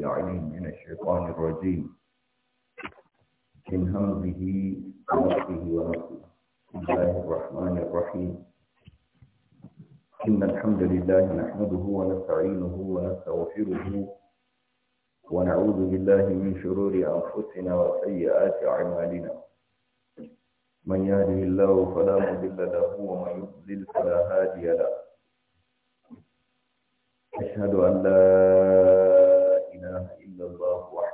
العليم من الشيطان الرجيم من همزه ونفسه ونفسه بسم الله الرحمن الرحيم إن الحمد لله نحمده ونستعينه ونستغفره ونعوذ بالله من شرور أنفسنا وسيئات أعمالنا من يهده الله فلا مضل له ومن يضلل فلا هادي له أشهد أن لا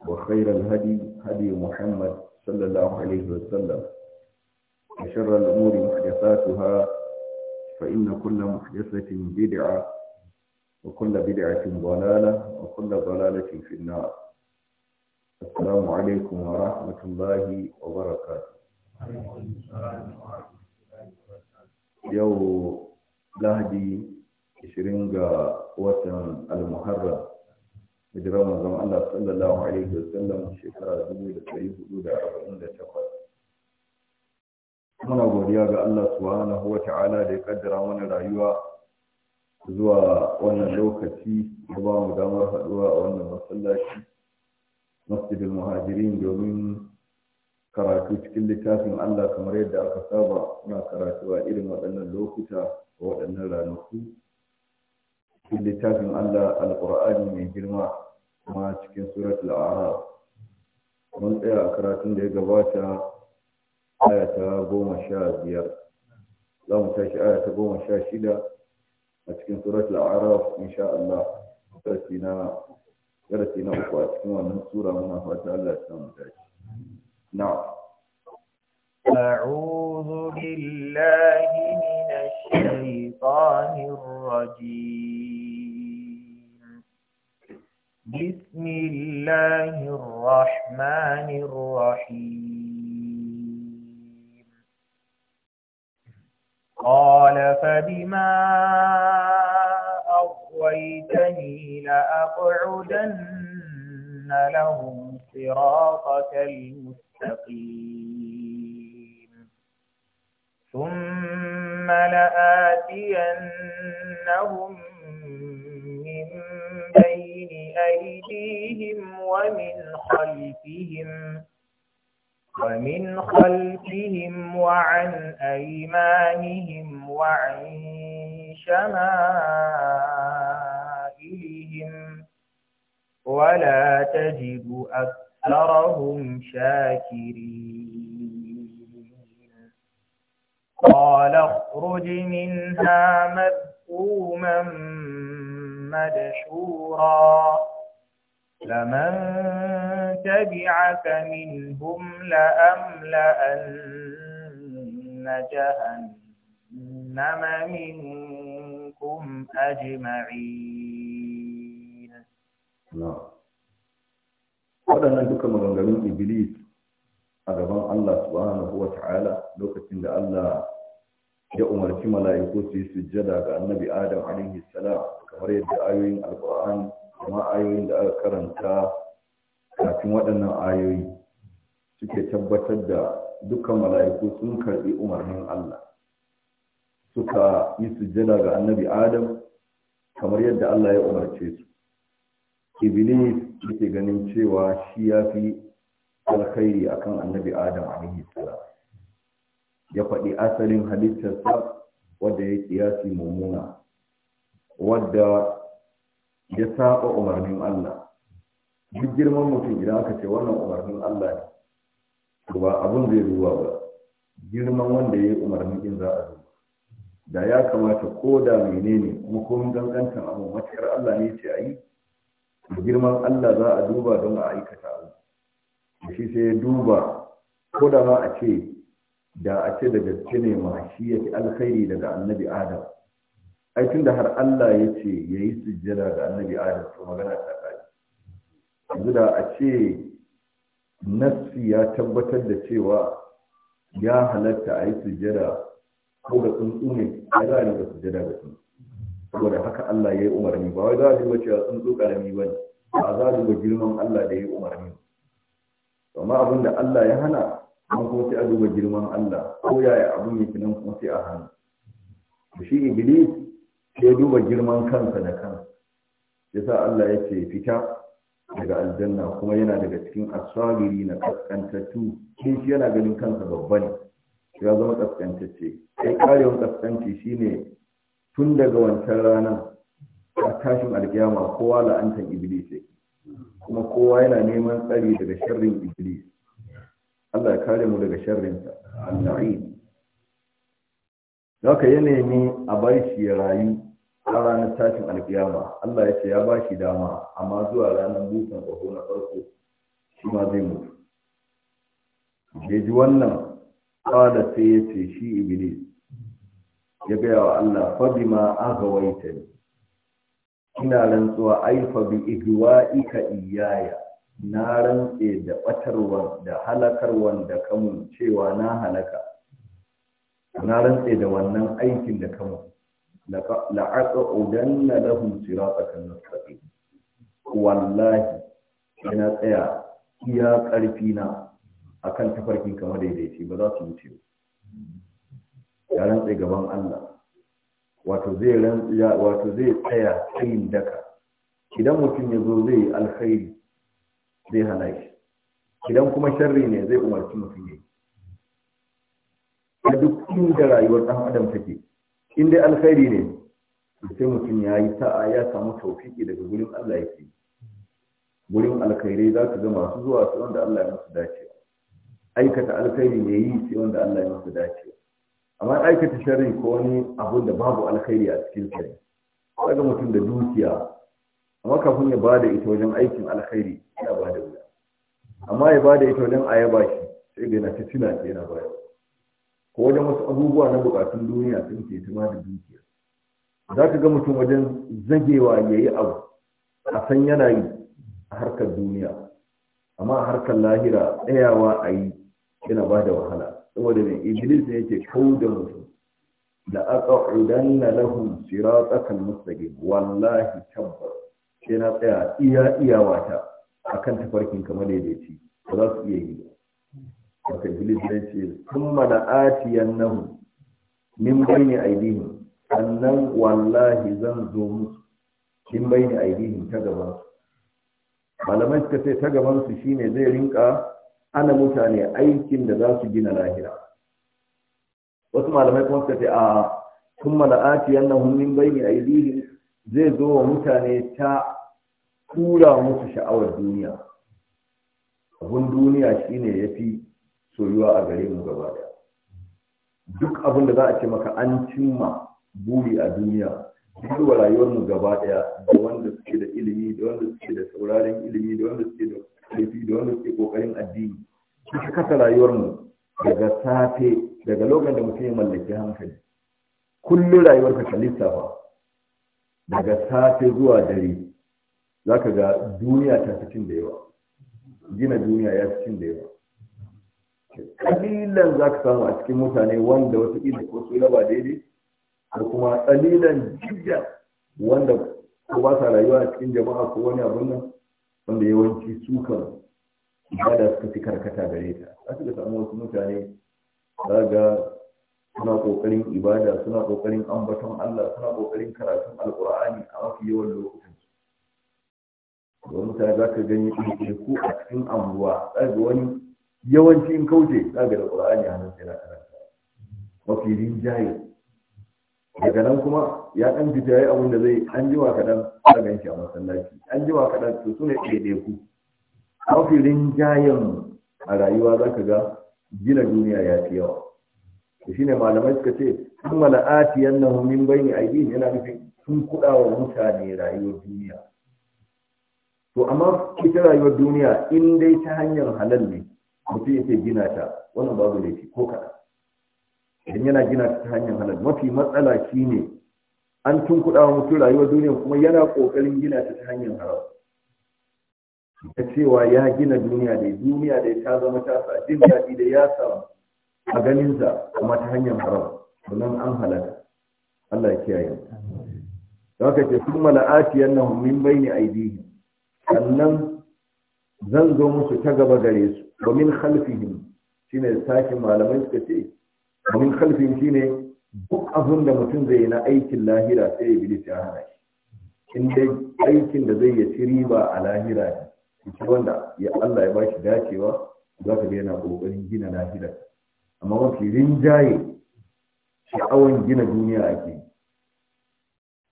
وخير الهدي هدي محمد صلى الله عليه وسلم وشر الأمور محدثاتها فإن كل محدثة بدعة وكل بدعة ضلالة وكل ضلالة في النار السلام عليكم ورحمة الله وبركاته يوم لهدي شرينجا وطن المحرم hijirar manzon Allah sallallahu alaihi sallam shekara 1448 muna godiya ga Allah subhanahu wa ta'ala da ya kaddara mana rayuwa zuwa wannan lokaci da ba mu damar haɗuwa a wannan masallaci masjidin muhajirin domin karatu cikin littafin Allah kamar yadda aka saba muna karatu a irin waɗannan lokuta a waɗannan ranaku cikin littafin Allah alqur'ani mai girma kuma cikin surat al'ara mun tsaya a karatun da ya gabata aya ta goma sha biyar za mu tashi aya ta goma sha shida a cikin surat al'ara insha Allah darasi na darasi na uku a cikin wannan sura muna fata Allah ya samu dace na'am أعوذ بالله من الشيطان الرجيم بسم الله الرحمن الرحيم قال فبما أغويتني لأقعدن لهم صراطك المستقيم ثم لآتينهم أيديهم ومن خلفهم ومن خلفهم وعن أيمانهم وعن شمائلهم ولا تجد أكثرهم شاكرين قال اخرج منها مذءوما مدشورا لمن تبعك منهم لأملأن جهنم منكم أجمعين نعم هذا عندك مغنغلون إبليس أدبان الله سبحانه وتعالى لو كنت الله ya umarci mala'iku su yi sujjada ga annabi adam alaihi salam kamar yadda ayoyin alkur'ani kuma ayoyin da aka karanta kafin waɗannan ayoyi suke tabbatar da dukkan mala'iku sun karɓi umarnin Allah suka yi sujjada ga annabi adam kamar yadda Allah ya umarce su iblis yake ganin cewa shi ya fi alkhairi akan annabi adam alaihi salam ya faɗi asalin halittarsa wadda ya kiyasi mummuna wadda ya saba umarnin Allah duk girman mutum idan aka ce wannan umarnin Allah ne to ba abin zai duba ba girman wanda ya yi umarnin din za a zo. da ya kamata ko da menene kuma mun gangantan abu matakar Allah ne ce a yi girman Allah za a duba don a aikata abu shi sai ya duba ko da ma a ce da a ce da gaske ne ma shi yake alkhairi daga annabi adam ai tunda har Allah ya ce ya yi sujjada ga annabi adam to magana ta kai yanzu da a ce nassi ya tabbatar da cewa ya halatta a yi sujjada ko ga tsuntsu ne ya za a yi sujjada ga tsuntsu saboda haka Allah ya yi umarni ba wai za a duba cewa tsuntsu karami ba ne ba za a duba girman Allah da ya yi umarni amma abin da Allah ya hana an kuma sai a duba girman Allah ko yaya abin yake nan kuma sai a hannu to shi iblis sai duba girman kansa da kan yasa Allah ya ce fita daga aljanna kuma yana daga cikin asabiri na kaskantattu shi shi yana ganin kansa babba ne ya zama kaskantacce sai karewan kaskanci shine tun daga wancan ranar a tashin alkiyama kowa la'antar iblis kuma kowa yana neman tsari daga sharrin iblis Allah ya kare mu daga sharrinsa al-la'in ya nemi a bashi ya rayu a ranar tashin alkiyama Allah ya ce ya bashi dama amma zuwa ranar busan ƙaho na farko shi ma zai mutu ya ji wannan ƙwada sai ya ce shi iblis ya gaya wa Allah fabi ma aka waita ne ina rantsuwa ai fabi igwa ika iyaya na rantse da batarwa da halakarwan da kamun cewa na halaka na rantse da wannan aikin da kamun na udanna lahum tsakanin mustaqim wallahi ina tsaya iya ƙarfi na akan tafarkin kamar daidaici ba za su wuce ya rantse gaban Allah wato zai tsaya tsayin daka idan mutum ya zo zai yi alkhairi zai hana shi idan kuma sharri ne zai umarci mutum ne a duk inda rayuwar ɗan adam take in dai alkhairi ne sai mutum ya yi sa'a ya samu taufiki daga gurin Allah yake gurin alkhairai za su gama su zuwa su wanda Allah ya masu dace aikata alkhairi ne yi sai wanda Allah ya masu dace amma aikata sharri ko wani abun da babu alkhairi a cikin sa kaga mutum da dukiya amma kafin ya bada ita wajen aikin alkhairi yana bada wuya amma ya bada ita wajen ayaba shi sai ga yana ta tuna ta yana baya ko wajen wasu abubuwa na bukatun duniya sun ke tuma da dukiya za ka ga mutum wajen zagewa ya yi abu a san yana yi a harkar duniya amma a harkar lahira tsayawa a yi yana ba da wahala saboda mai iblis ne yake kau da mutum da aka udanna lahum siratakan mustaqim wallahi tabbas sai na tsaya iya iyawata kan tafarkin kamar daidaiti ba za su iya yi ba wata iblis ya ce sun mana atiyan atiyannahu min bayni aydihim sannan wallahi zan zo musu min bayni aydihim ta gaban su malamai suka ce ta gaban su shine zai rinka ana mutane aikin da za su gina lahira wasu malamai kuma suka ce a sun mana atiyan atiyannahu min bayni aydihim zai zo wa mutane ta tura musu sha'awar duniya abun duniya shine ya fi soyuwa a gare mu gaba daya duk abin da za a ce maka an cimma buri a duniya duk wa rayuwarmu gaba daya da wanda suke da ilimi da wanda suke da sauraren ilimi da wanda suke da kaifi da wanda suke kokarin addini suka kasa rayuwarmu daga safe daga lokacin da mutum ya mallaki hankali kullum rayuwarka ka lissafa daga safe zuwa dare za ka ga duniya ta fi cin da yawa gina duniya ya fi cin da yawa kalilan za ka samu a cikin mutane wanda wasu ƙila ko su laba daidai da kuma kalilan jidda wanda ko ba sa rayuwa a cikin jama'a ko wani abun nan wanda yawanci su kan ibada suka fi karkata gare ta za ka samu wasu mutane za ga suna kokarin ibada suna kokarin ambaton Allah suna kokarin karatun alkur'ani a mafi yawan lokutan domin ta za ka gani ku a cikin anguwa za wani yawanci in kauce za ga da a hannun sai na karanta mafi rinjaye daga nan kuma ya ɗan fita ya yi abin da zai an jima kaɗan a gan shi a masallaci an jima kaɗan to su ne ɗaiɗaiku mafi rinjayen a rayuwa za ka ga gina duniya ya fi yawa to shine malamai suka ce kuma la'atiyan na min bayni aidin yana nufin sun kuɗa wa mutane rayuwar duniya to amma ita rayuwar duniya in dai ta hanyar halal ne mutum yake gina ta wannan babu laifi ko kaɗan idan yana gina ta ta hanyar halal mafi matsala ne. an tunkuɗa wa mutum rayuwar duniya kuma yana ƙoƙarin gina ta ta hanyar haram ta cewa ya gina duniya da duniya da ta zama ta sa, jin daɗi da ya sa a ganinsa kuma ta hanyar haram sannan an halaka Allah ya kiyaye. Za haka ce sun mala'ati yannahum min bayni aidihim sannan zan zo musu ta gaba gare su domin khalfihim shine sakin malamai suka ce domin khalfihim shine duk abin da mutum zai yi na aikin lahira sai bilis ya hana shi inda aikin da zai ya riba a lahira ne shi wanda ya Allah ya bashi dacewa za ka ga yana kokarin gina lahira amma mafi rinjaye sha'awan gina duniya ake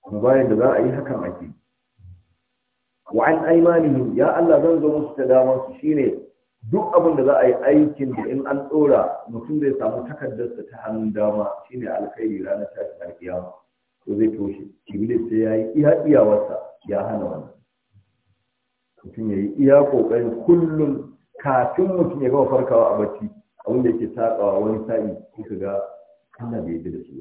kuma bayan da za a yi hakan ake Wa'an aimanihi ya Allah zan zo musu ta daman su shine duk abin da za a yi aikin da in an tsora mutum zai samu takardarsa ta hannun dama shine alkhairi ranar tashin alkiyama to zai toshe iblis sai ya yi iya iyawarsa ya hana wannan mutum ya yi iya kokarin kullum kafin mutum ya gama farkawa a bacci abin da yake saƙawa wani sa'i kuka ga Allah bai yi da su.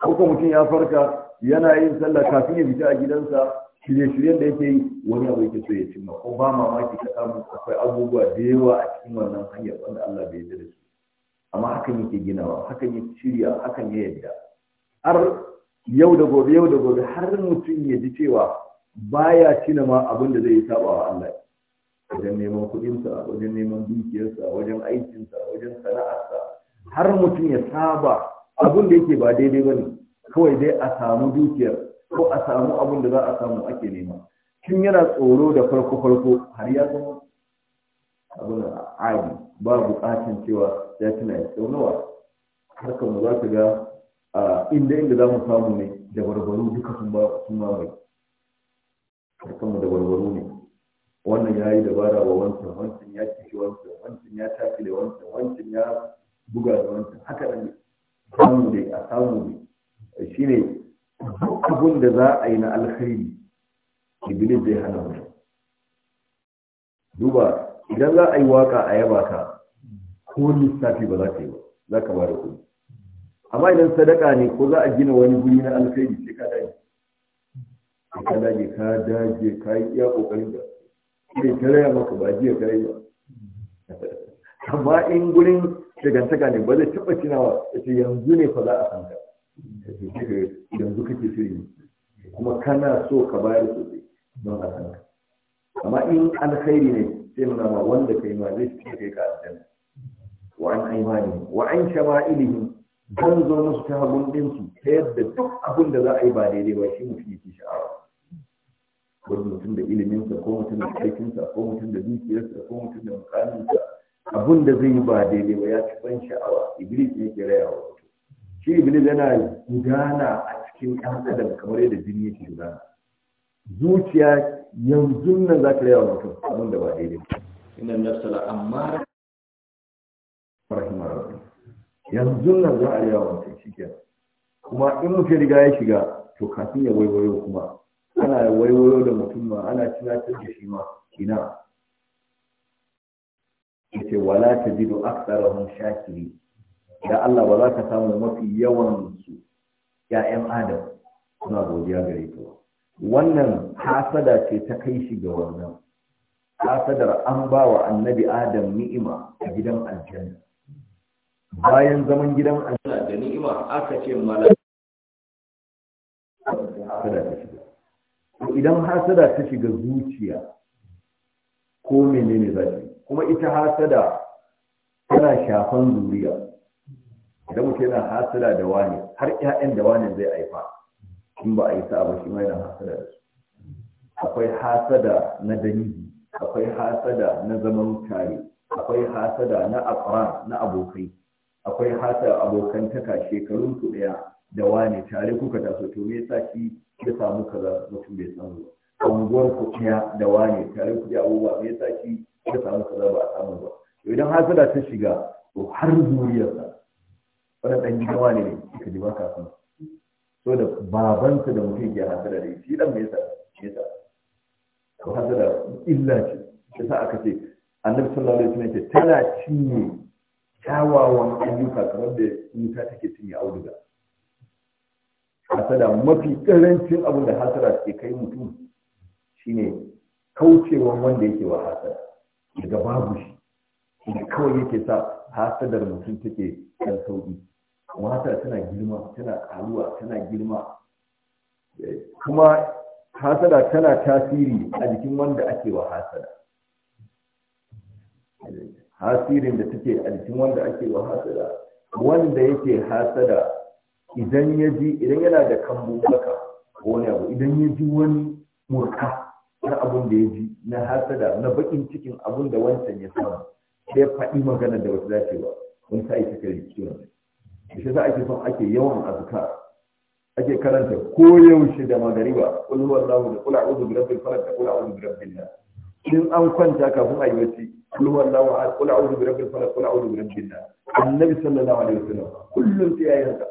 ba ko mutum ya farka yana yin sallah kafin ya fita a gidansa shirye-shiryen da yake yi wani abu yake so ya cimma ko ba mamaki ka samu akwai abubuwa da yawa a cikin wannan hanyar wanda Allah bai yarda da su amma hakan yake ginawa hakan ya shirya hakan ya yadda har yau da gobe yau da gobe har mutum ya ji cewa baya cina ma abin da zai yi saba wa Allah wajen neman kuɗinsa wajen neman dukiyarsa wajen aikinsa wajen sana'arsa har mutum ya saba abin da yake ba daidai ba ne kawai dai a samu dukiyar ko a samu abin da za a samu ake nema tun yana tsoro da farko farko har ya zama abin adi ba bukatun cewa ya tuna ya tsaunawa har mu za ta ga inda inda za mu samu ne da barbaru duka sun ba sun mai harkar mu da barbaru ne wannan ya yi dabara wa wancan wancan ya kishi wancan wancan ya tafi da wancan wancan ya buga da wancan haka nan samu ne a samu ne ne duk abin da za a yi na alkhairi iblis zai hana mu duba idan za a yi waka a yaba ka ko lissafi ba za ka yi ba za ka bada kuɗi amma idan sadaka ne ko za a gina wani guri na alkhairi sai ka dage ka dage ka dage ka yi iya kokari da sai ta raya maka ba jiya ka yi ba amma in gurin shagantaka ne ba zai taɓa tunawa ce yanzu ne fa za a san ka ce yanzu kake shirin kuma kana so ka bayar sosai don a amma in alkhairi ne sai nuna ma wanda kai ma zai fi kai ka aljanna wa an ne, wa an shama'ilihim zan zo musu ta hagun ɗinsu ta yadda duk abin da za a yi ba daidai ba shi mutum yake sha'awa wani mutum da iliminsa ko mutum da aikinsa ko mutum da dukiyarsa ko mutum da mukaminsa abin da zai yi ba daidai ba ya ci ban sha'awa iblis ne ke rayawa shi iblis yana gudana a cikin ɗan adam kamar yadda jini yake gudana zuciya yanzu nan za ta yawa wa mutum abin da ba daidai ina nafsala amma rahimar rabbi yanzu nan za a yawa wa mutum shi kuma in mutum riga ya shiga to kafin ya waiwayo kuma ana waiwayo da mutum ma ana tunatar da shi ma ina ce wala ta tajidu aktharahum shakiri da Allah ba za ka samu mafi yawan su ya'yan adam suna godiya gare ka ba wannan hasada ce ta kai shi ga wannan hasadar an ba wa annabi adam ni'ima a gidan aljanna bayan zaman gidan aljanna da ni'ima aka ce mala hasada ta shiga idan hasada ta shiga zuciya ko menene zai kuma ita hasada tana shafan zuriya idan mutum yana hasira da wani har ƴaƴan da wani zai haifa in ba a yi sa'a ba shi ma yana hasira da su akwai hasada na dangi akwai hasada na zaman tare akwai hasada na afra na abokai akwai hasada abokantaka shekarun su ɗaya da wani tare kuka taso to me yasa shi ya samu kaza mutum bai samu ba unguwar ku ɗaya da wani tare ku da abubuwa me yasa shi ya samu kaza ba a samu ba to idan hasada ta shiga to har zuriyarsa wani ɗan gidawa ne suka ji ba kafin so da babansa da mutum ke hasara da shi dan me yasa me yasa hasada illa ce shi sa aka ce annabi sallallahu alaihi wasallam ce tana cinye kyawawan ayyuka kamar da wuta take cinye auduga hasada mafi karancin abin da hasara ke kai mutum shine kaucewa wanda yake wa hasara, daga babu shi da kawai yake sa hasadar mutum take ɗan sauki amma tana girma tana karuwa tana girma kuma hasada tana tasiri a jikin wanda ake wa hasada hasirin da take a jikin wanda ake wa hasada wanda yake hasada, idan ya ji idan yana da kambun baka ko wani abu idan ya ji wani murka na abun da ya ji na hasada na bakin cikin abun da wancan ya samu sai faɗi magana da wata dacewa kun ta yi suka yi ciwon shi za ake son ake yawan azkar ake karanta koyaushe da magariba kullu wallahu da kullu a'udhu bi rabbil falaq da kullu a'udhu bi rabbil nas in an kwanta kafin ayi bacci kul huwa a ahad kul a'udhu bi rabbil falaq kullu a'udhu bi rabbil nas annabi sallallahu alaihi wasallam kullum sai yayin haka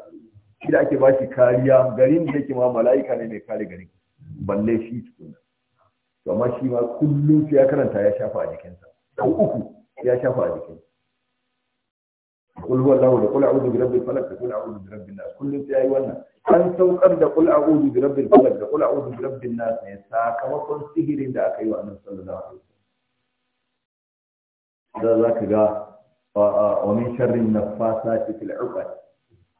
shi da ake bashi kariya garin da yake ma mala'ika ne mai kare garin balle shi tukuna to amma shi ma kullum sai ya karanta ya shafa a jikinsa ko uku ya shafa a jikinsa قل هو الاول قل اعوذ برب الفلق قل اعوذ برب الناس كل انت ايوانا كان سو قرد قل اعوذ برب الفلق قل اعوذ برب الناس نيسا يعني كما قل سهر اند اك ايوانا صلى الله عليه وسلم هذا ذاك جاء آه، آه، ومن شر النفاسات في العقد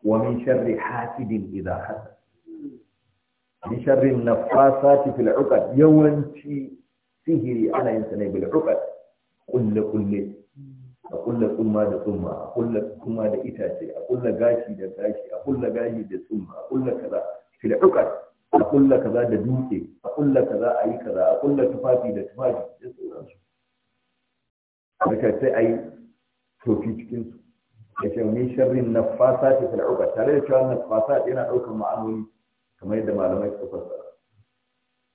ومن شر حاسد اذا حسد من شر النفاسات في العقد يوم تي سهري انا انسان بالعقد قل قل لي a kulla tsumma da tsumma a kulla tsumma da itace a kulla gashi da gashi a kulla gashi da tsumma a kulla kaza fil uqad a kulla kaza da dutse a kulla kaza a yi kaza a kulla tufafi da tufafi da sauransu daga sai ayi yi tofi cikin su ya ce min sharrin nafasa ta fil uqad tare da cewa nafasa yana daukar ma'anoni kamar yadda malamai suka fassara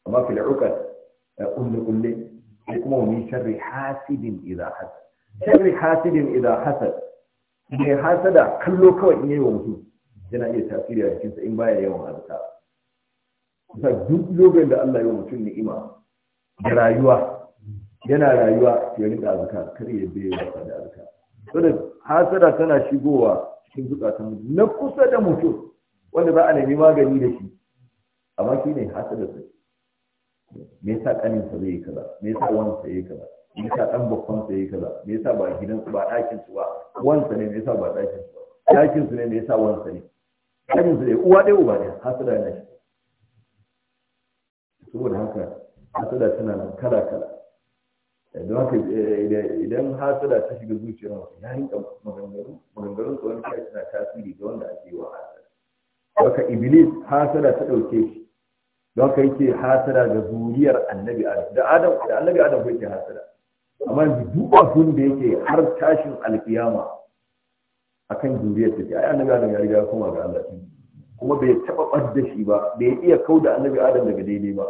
amma fil uqad kulle kulle sai kuma min sharri hasidin idza hasad shagri hasidin idan hasad mai hasada kallo kawai in yi wa mutum yana iya tasiri a cikinsa in baya yawan azka kusa duk lokacin da Allah ya wa mutum ni'ima da rayuwa yana rayuwa ya rika azka kar ya bai wasa da azka saboda hasada tana shigowa cikin zukatan na kusa da mutum wanda za a nemi magani da shi amma shi ne hasada sai me yasa ƙaninsa zai yi kaza me yasa wansa yi kaza me yasa dan babban sa yayi kaza me yasa ba gidan su ba ɗakin su ba wansa ne me yasa ba ɗakin su ba ɗakin su ne me yasa wansa ne ɗakin su ne uwa ɗaya uba ne hasada na shi saboda haka hasada tana nan kala kala don haka eh, idan hasada ta shiga zuciyar mutum ya rinka maganganu maganganun tsohon kai suna tasiri ga wanda ake yi wa hasada haka iblis hasada ta ɗauke shi don haka yake hasada ga zuriyar annabi adam da adam da annabi adam ko yake hasada amma duk abin da yake har tashin alkiyama akan juriyar ta ce ai annabi adam ya riga ya koma ga Allah kuma bai taɓa ɓadda shi ba bai iya kauda annabi adam daga daidai ba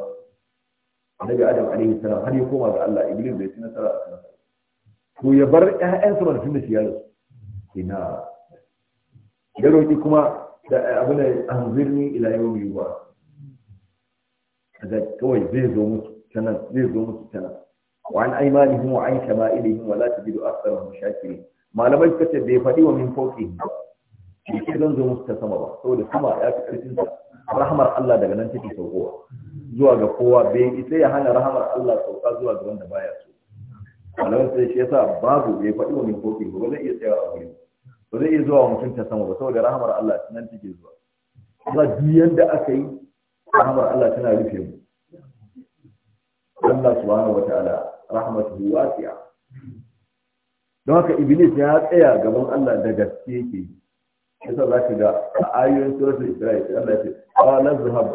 annabi adam alaihi salam har ya koma ga Allah iblis bai ci nasara a kansa to ya bar ƴaƴansa mana da shi ya rasu ina ya roki kuma da abin da anzirni ila yawmi yuwa kaga kawai zai zo musu tana zai zo musu tana wa an aymanihim wa an shama'ilihim wa la tajidu aktharahum shakirin malamai suka ce bai faɗi wa min fawqi shi ke zan zo musu ta sama ba saboda sama ya fi karfin sa rahmar Allah daga nan take saukowa zuwa ga kowa bai isa ya hana rahmar Allah sauka zuwa ga wanda baya so malamai sai shi yasa babu bai faɗi wa min fawqi ba zai iya tsayawa a gurin ba zai iya zuwa wa mutum sama ba saboda rahamar Allah nan take zuwa ba duk aka yi rahamar Allah tana rufe mu Allah subhanahu wataala rahmatuhu wasi'a don haka iblis ya tsaya gaban Allah da gaske yake yasa za ka ga a ayoyin suratul isra'il Allah ya ce qala zahab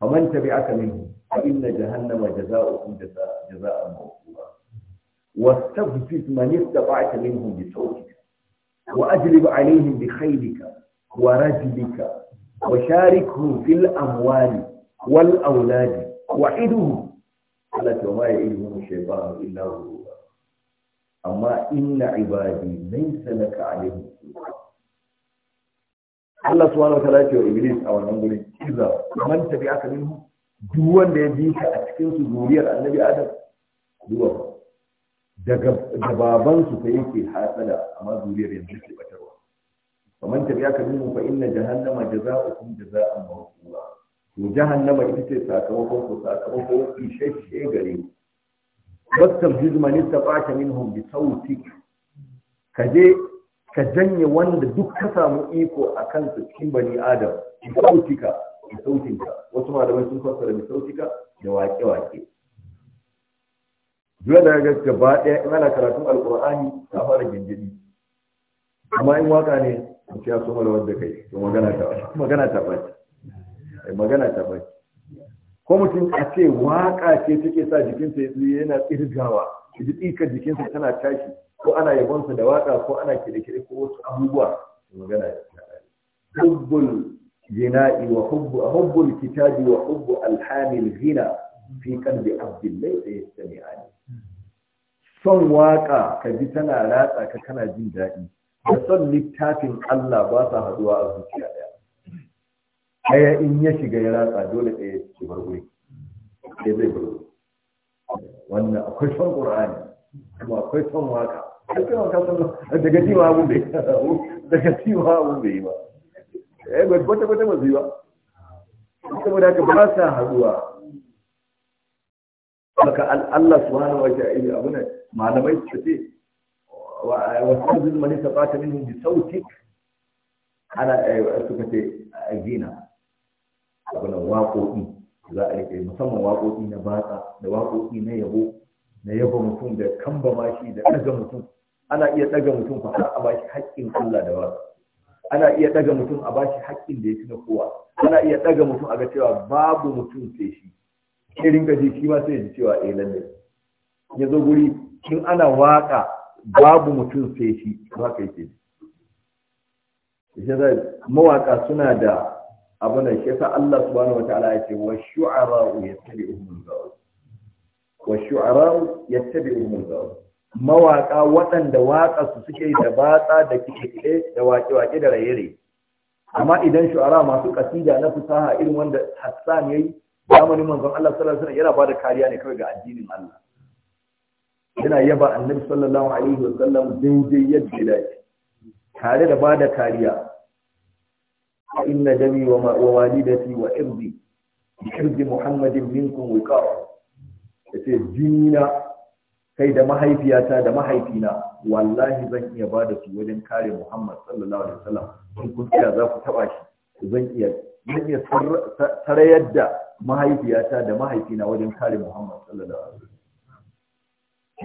faman tabi'aka minhu fa inna jahannama jazaa'ukum jazaa'an mawqura واستغفر من استطعت منهم بصوتك واجلب عليهم بخيلك ورجلك وشاركهم في الاموال والاولاد وعدهم Allah ta ma ya ilmu shaytan illa hu amma inna ibadi laysa laka alayhi Allah subhanahu wa ta'ala ya ce wa Iblis a wannan guri kiza man aka minhu duk wanda ya bi ka a cikin su zuriyar Annabi Adam zuwa daga baban su fa yake hasala amma zuriyar yanzu ke batarwa man aka minhu fa inna jahannama jazaa'ukum jazaa'an mawqura to jahannama ita ce sakamakon ko sakamakon isasshe gare ku wastabjid man istata minhum bi sautik ka je ka janye wanda duk ka samu iko a kansa cikin bani adam bi sautika bi sautinka wasu malamai sun fassara bi sautika da waƙe-waƙe duk da ga gaba ɗaya in ana karatun alƙur'ani ta fara gindini amma in waka ne mutum ya so malawar da kai magana ta magana ta ɓaci magana ta bai ko mutum a ce waka ce take sa jikinsa ya yana tsirgawa ji tsikar jikinsa tana tashi ko ana yabonsa da waka ko ana kide-kide ko wasu abubuwa magana ta hubbul jina'i wa hubbu hubbul kitabi wa hubbu alhamil ghina fi qalbi abdillahi yastami'ani son waka ka ji tana ratsa ka kana jin daɗi da son littafin Allah ba sa haduwa a zuciya ɗaya in ya shiga ya ratsa dole ɗaya su bar guri ɗaya zai bar wannan akwai son ƙur'ani kuma akwai son waka kuma ka san daga cewa abun bai daga cewa abun bai ba eh ba kwata kwata ba zai ba saboda haka ba sa haɗuwa maka Allah subhanahu wa ta'ala eh, ne? malamai su ce wa wasu man sabata minhum bi sautik ana eh, suka ce gina abunan waƙoƙi za a riƙe musamman waƙoƙi na batsa da waƙoƙi na yabo na yaba mutum da kamba mashi da ɗaga mutum ana iya ɗaga mutum ku har a bashi haƙƙin Allah da waƙa ana iya ɗaga mutum a bashi haƙƙin da ya fi na kowa ana iya ɗaga mutum a ga cewa babu mutum sai shi ke rinka ji shi ma sai ji cewa eh lalle ya zo guri in ana waƙa babu mutum sai shi ba kai ce shi mawaƙa suna da abin da shi yasa Allah subhanahu wataala ya ce wa shu'ara'u yattabi'uhum al-ghaw wa shu'ara'u yattabi'uhum al-ghaw mawaka waɗanda waƙa su suke da batsa da kike da waƙe-waƙe da raye-raye amma idan shu'ara masu kasida na fusaha irin wanda Hassan yayi zamanin manzon Allah sallallahu alaihi wasallam yana bada kariya ne kawai ga addinin Allah yana yaba annabi sallallahu alaihi wasallam daidai yadda ya dace tare da bada kariya فإن دمي ووالدتي وإرضي بإرض محمد منكم وقار yace jinina kai da mahaifiyata da mahaifina wallahi zan iya ba da su wajen kare Muhammad sallallahu alaihi wasallam in kun tsaya za ku taba shi zan iya zan iya tarayar da mahaifiyata da mahaifina wajen kare Muhammad sallallahu alaihi wasallam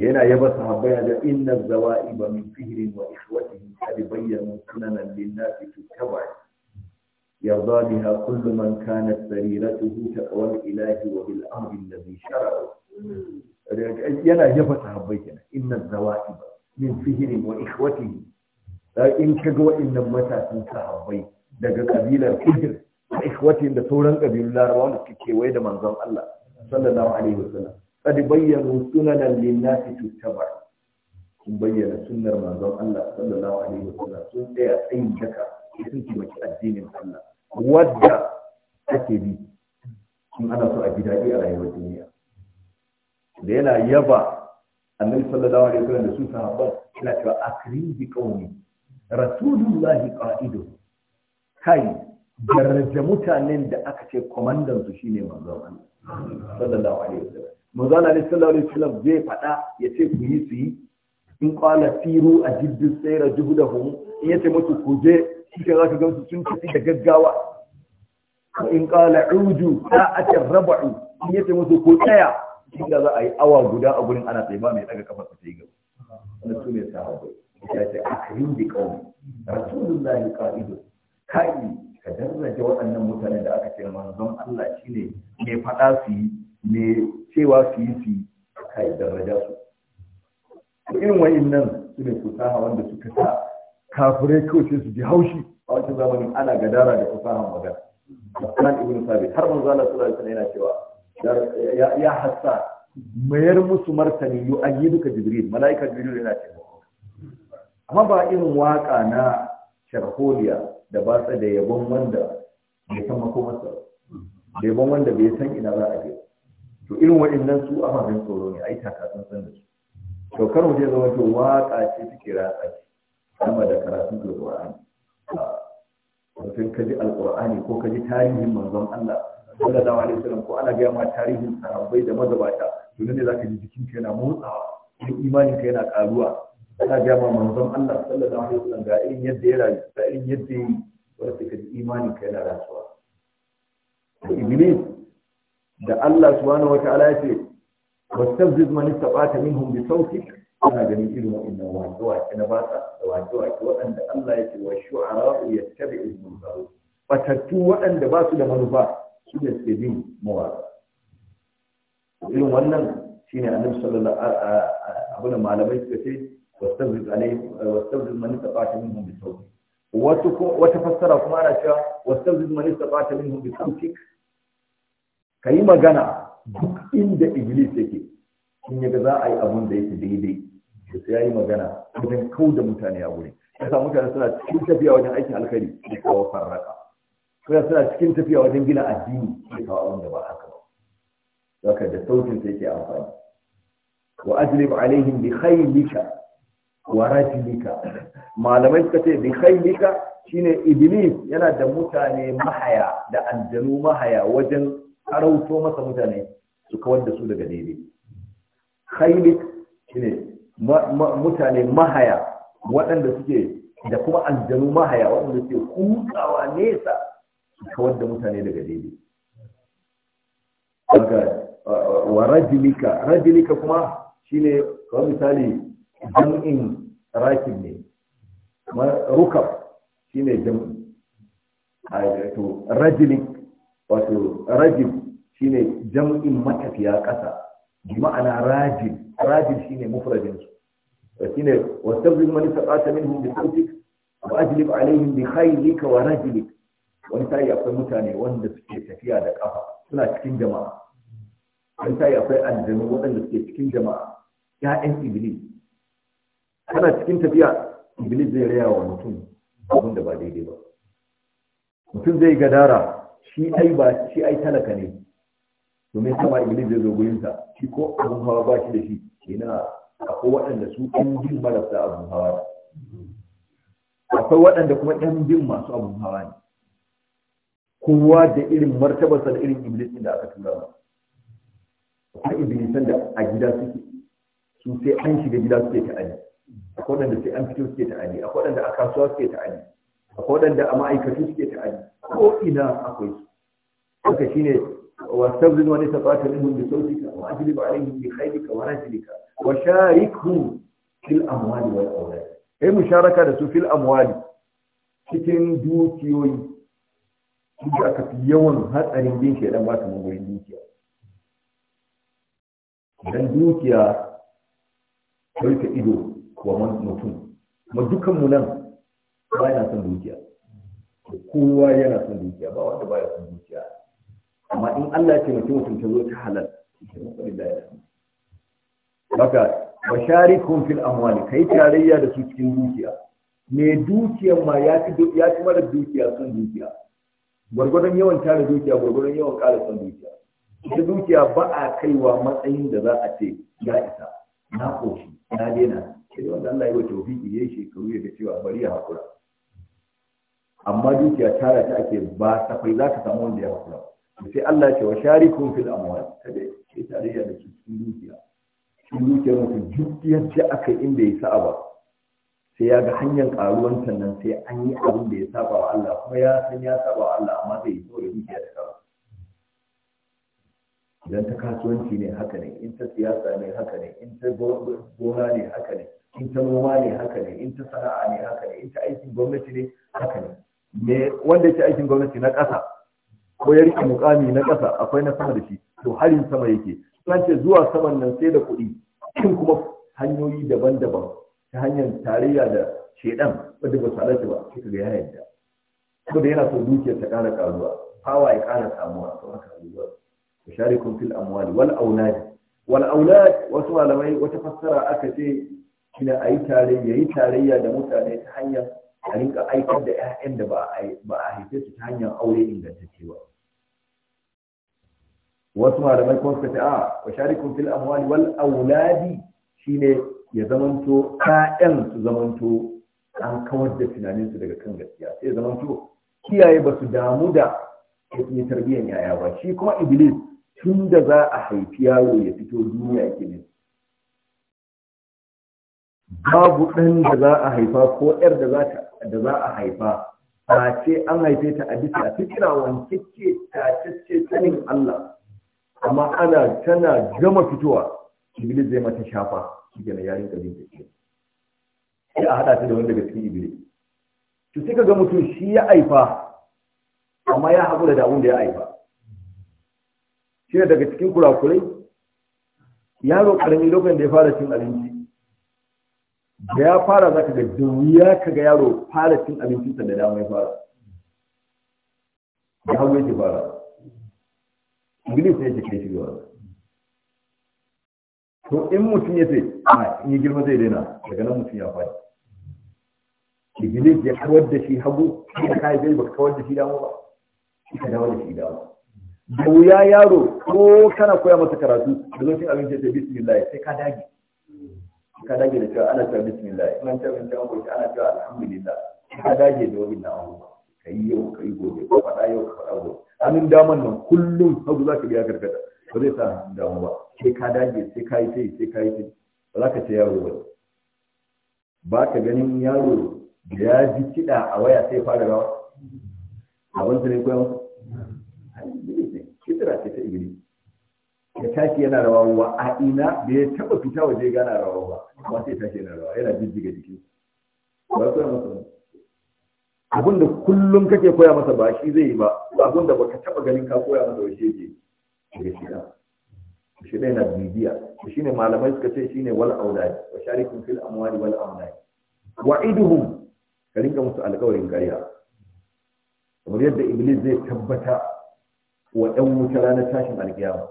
yana yaba sahabbai da inna zawaiba min fihrin wa ikhwatihim qad bayyanu sunanan lin-nasi tutabaa يرضى بها كل من كانت سريرته تقوى الإله وبالأمر الذي شرعه yana jefa sahabbai kenan inna zawaiba min fihrim wa ikhwatihi in kaga wa'annan matasan sahabbai daga kabilar fihr wa ikhwatihi da sauran kabilun larabawa da suke kewaye da manzon Allah sallallahu alaihi wasallam qad bayyanu sunanan lin-nasi tuttaba sun bayyana sunnar manzon Allah sallallahu alaihi wasallam sun tsaya tsayin jaka. da sun taimaki addinin Allah wadda ake bi in ana so a ji daɗi a rayuwar duniya da yana yaba annabi sallallahu alaihi wasallam da su sahabban yana cewa akrim bi qawmi rasulullahi qa'idu kai daraja mutanen da aka ce komandan su shine manzon Allah sallallahu alaihi wasallam manzon Allah sallallahu alaihi wasallam zai faɗa ya ce ku yi su yi in qala firu ajidu sayra juhdahum in yace mutu ku je shi za ka gamsu sun tafi da gaggawa in kala uju sa'atin rab'u in yace musu ko tsaya inda za a yi awa guda a gurin ana tsaye ba mai daga kafa sai gaba wanda su ne sahabbai ya ce akrim bi qawmi rasulullahi qa'idu kai ka daraja waɗannan mutanen da aka ce manzon Allah shine mai faɗa su yi me cewa su yi su kai daraja su irin wa'annan su ne fusaha wanda suka sa kafirai kawai sai su ji haushi a wancan zamanin ana gadara da fasahan magana Hassan ibn Sabit har manzo Allah sallallahu alaihi wasallam yana cewa ya Hassan mayar musu martani yu ayyiduka Jibril malaika Jibril yana cewa amma ba irin waka na sharholiya da ba sa da yabon wanda bai san makomarsa da yabon wanda bai san ina za a je to irin waɗannan su ababen tsoro ne a yi takasan san da su to kar mu je zama to waka ce take ratsa sama da karatu karatun alƙur'ani mutum ka ji alƙur'ani ko ka ji tarihin manzon Allah sallallahu alaihi wasallam ko ana gaya ma tarihin sahabbai da mazabata to ne zaka ji jikin ka yana motsawa ko imanin ka yana karuwa ana gaya ma manzon Allah sallallahu alaihi wasallam ga irin yadda ya rayu ga irin yadda ya yi wanda ka ji imanin ka yana rasuwa iblis da Allah subhanahu wataala ya ce wastabzid man istata minhum bi sawtik ana ganin irin waɗannan wace-wace na basa da wace-wace waɗanda Allah ya ce wa shu'ara'u ya tabi ilmin zaro fatattu waɗanda ba su da manufa su da suke bin mawaƙa irin wannan shi ne annabi sallallahu abu da malamai suka ce wastabrid alai wastabrid man min minhum bi wata fassara kuma ana cewa wastabrid man min minhum sauki, ka yi magana duk inda iblis yake in yaga za a yi abun da yake daidai to sai yayi magana wajen kau da mutane a wurin yasa mutane suna cikin tafiya wajen aikin alkhairi da kawo farraka suna suna cikin tafiya wajen gina addini da kawo abin da ba haka ba zaka da sautin sai yake amfani wa ajlib alaihim bi khaylika wa rajlika malamai suka ce bi khaylika shine iblis yana da mutane mahaya da aljanu mahaya wajen karauto masa mutane su kawar da su daga daidai khailik shine mutane mahaya waɗanda suke da kuma aljanu mahaya waɗanda suke kutsawa nesa kawar da mutane daga daidai daga wa rajilika rajilika kuma shine kawai misali jam'in rakib ne rukab shine jam'i wato rajilik wato rajib shine jam'in matafiya ƙasa ma'ana rajin rajin shine mufradin su shine wastabrid man saqata minhum bi sautik wa ajlib alaihim bi khaylika wa rajlik wani sai akwai mutane wanda suke tafiya da kafa suna cikin jama'a wani sai akwai aljanu waɗanda suke cikin jama'a ya'yan iblis kana cikin tafiya iblis zai raya wa mutum abin da ba daidai ba mutum zai gadara shi ai ba shi ai talaka ne to me kama iblis ya zo gurin sa shi ko abun hawa ba shi da shi ina akwai waɗanda su ɗan bin marasa abun hawa ne akwai waɗanda kuma ɗan bin masu abun hawa ne kowa da irin martabarsa da irin iblis da aka tura ba akwai iblisan da a gida suke su sai an shiga gida suke ta ali akwai waɗanda sai an fito suke ta ali akwai waɗanda a kasuwa suke ta ali akwai waɗanda a ma'aikatu suke ta ali ko ina akwai su haka shine واستغفر من استطعت منهم بصوتك واجلب عليهم بخيرك ورجلك وشاركهم في الاموال والاولاد اي مشاركه da في الاموال cikin dukiyoyi shi aka fi yawan hatsarin bin idan ba ta magoyin dukiya dan dukiya sai ta ido wa mutum ma dukan mu nan ba yana son dukiya kowa yana son dukiya ba wanda ba son dukiya amma in Allah ya ce mutum mutum ta zo ta halal Baka haka basharikun fil amwali kai tarayya da su cikin dukiya me dukiyar ma ya fi ya fi mara dukiya son dukiya gwargwadon yawan tara dukiya gwargwadon yawan ƙara son dukiya ita dukiya ba a kaiwa matsayin da za a ce ya isa na koshi na daina sai wanda Allah ya yi wa tawfiki shekaru ya ga cewa bari ya hakura amma dukiya tara ta ake ba safai za ka samu wanda ya hakura sai Allah ce wa sharikum fil amwal kada ke tarayya da cikin dukiya cikin dukiyar mutum dukiyar ce aka inda ya sa'a ba sai ya ga hanyar karuwan sannan sai an yi abin da ya saba wa Allah kuma ya san ya saba wa Allah amma zai yi da dukiya ta karu idan ta kasuwanci ne haka ne in ta siyasa ne haka ne in ta gona ne haka ne in ta noma ne haka ne in ta sana'a ne haka ne in ta aikin gwamnati ne haka ne wanda ke aikin gwamnati na ƙasa ko ya rike mukami na ƙasa akwai na sama da shi to harin sama yake sun ce zuwa saman nan sai da kuɗi kin kuma hanyoyi daban-daban ta hanyar tarayya da shedan wanda ba su halatta ba sai ka ga ya yadda saboda yana so dukiyar ta ƙara ƙaruwa hawa ya ƙara samuwa to haka ba ku share kun fil amwali wal aulad wal aulad wasu malamai wata fassara aka ce kina ayi tarayya yayi tarayya da mutane ta hanyar a rinka aikar da 'ya'yan da ba a haife su ta hanyar aure ingantaccewa wasu malamai kuma suka ce a ah, wa sharikun fil amwali wal auladi shine ya zamanto kayan su zamanto an kawar da tunaninsu su daga kan gaskiya sai ya zamanto kiyaye ba su damu da ya tarbiyyar yaya ba shi kuma iblis tun da za a haifi yaro ya fito duniya ke ne babu ɗan da za a haifa ko ƴar da za a haifa ba ce an haife ta a bisa fikira ta ce sanin Allah amma ana tana gama fitowa iblis zai mata shafa shi ke na yarin da ke tafi sai a haɗa ta da wani daga cikin iblis to sai ka ga mutum shi ya haifa amma ya haƙura da abin da ya haifa shi daga cikin kurakurai yaro ƙarami lokacin da ya fara cin abinci da ya fara zaka ga da ya ka ga yaro fara cin sa da dama ya fara da hau yake fara ingilis sai yake kai shi gaba to in mutum ya ce a ah, in yi girma zai daina daga nan mutum ya fara ingilis ya kawar da shi hagu ya kai bai baka kawar da shi dama ba shi ka dawo da shi dama da wuya yaro ko kana koya masa karatu da zo cin abinci ta bismillah sai ka dage ka dage da cewa ana cewa bismillah in an tabbata an gobe ana cewa alhamdulillah ka dage da wani na abubuwa ka yi yau ka yi gobe ka faɗa yau ka faɗa gobe hannun daman nan kullum hagu za ka biya karkata ba zai sa hannun damu ba sai ka dage sai ka yi sai sai ka yi sai ba za ka ce yaro ba ba ka ganin yaro da ya ji kiɗa a waya sai fara rawa abin su ne koyan kidira ce ta iblis ya tashi yana rawa wa a ina da ya taba fita waje gana rawa ba kuma sai tashi yana rawa yana jijjiga jiki Abinda koya kullum kake koya masa ba shi zai yi ba abinda da baka taɓa ganin ka koya masa ba shi yake daga shida na yana bibiya shi ne malamai suka ce shi shine wal aulad wa sharikum fil amwali wal aulad wa'iduhum ka rinka musu alƙawarin ƙarya kamar yadda iblis zai tabbata wa ɗan wuta ranar tashin alƙiyama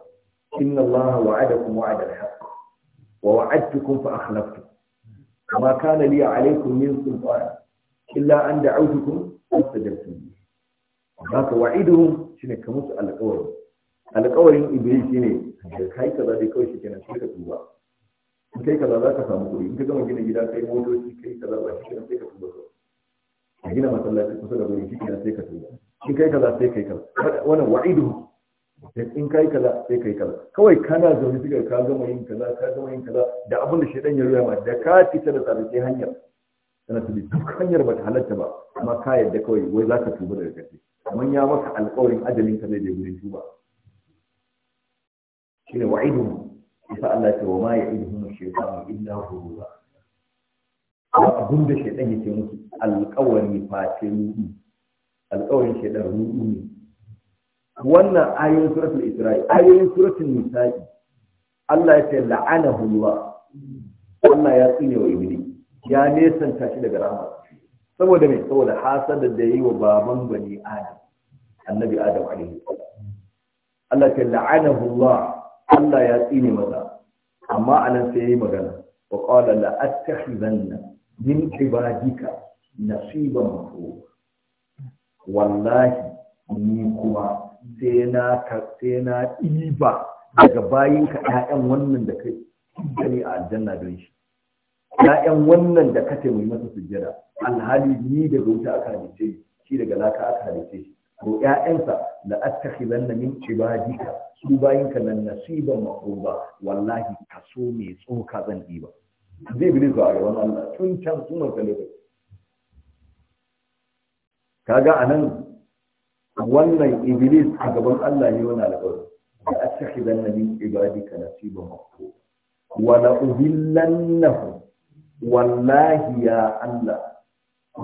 inna allaha wa'adakum wa'ada al-haqq wa wa'adtukum fa akhlaftum kama kana li alaykum min sultan illa an da'awtukum fastajabtum li haka wa'iduhum shine kamar su alƙawari alƙawarin iblis shine da kai kaza dai kawai shi kenan sai ka tuba in kai kaza za ka samu kuɗi in ka gama gina gida kai motoci kai kaza ba sai ka tuba ka gina masallaci kusa da shi sai ka in kaza sai kai in kai kaza sai kai kaza kawai kana zaune suka ka gama yin kaza ka gama yin kaza da abin da shedan ya ruya ma da ka fita da tsare sai hanyar tana tuni duk hanyar ba ta halatta ba amma ka yadda kawai wai za ka tuba daga kace kamar ya maka alƙawarin ajalin ka ne da gurin tuba ne wa'idu yasa Allah ya ce wa ma ya ya'iduhum shaytanu illa ghurura ba abin da shedan yake musu alƙawarin face ruɗu alƙawarin shedan ruɗu ne wannan ayoyin suratul isra'i ayoyin suratul nisa'i Allah ya ce la'anahullah Allah ya tsine wa iblis ya nesanta shi daga rahama saboda me saboda hasada da yayi wa baban bani adam annabi adam alaihi salam Allah ya ce la'anahullah Allah ya tsine masa amma anan sai yayi magana wa qala la attakhidanna min ibadika nasiban mafruḍ wallahi ni kuma sai na sai na ɗiba daga 'ka ƴaƴan wannan da kai gani a aljanna don shi ƴaƴan wannan da ka taimaki masa sujjada alhali ni daga wuta aka halice shi daga laka aka halice shi ko ƴaƴansa la attakhidanna min ibadika su bayin ka nan nasiban maquba wallahi kaso mai tsoka zan ba. zai bi zuwa gaban Allah tun can sun Ka lokaci kaga anan wannan iblis a gaban Allah ne wani alƙawari da attakhidan min ibadika nasiban maqtu wa la ubillannahu wallahi ya Allah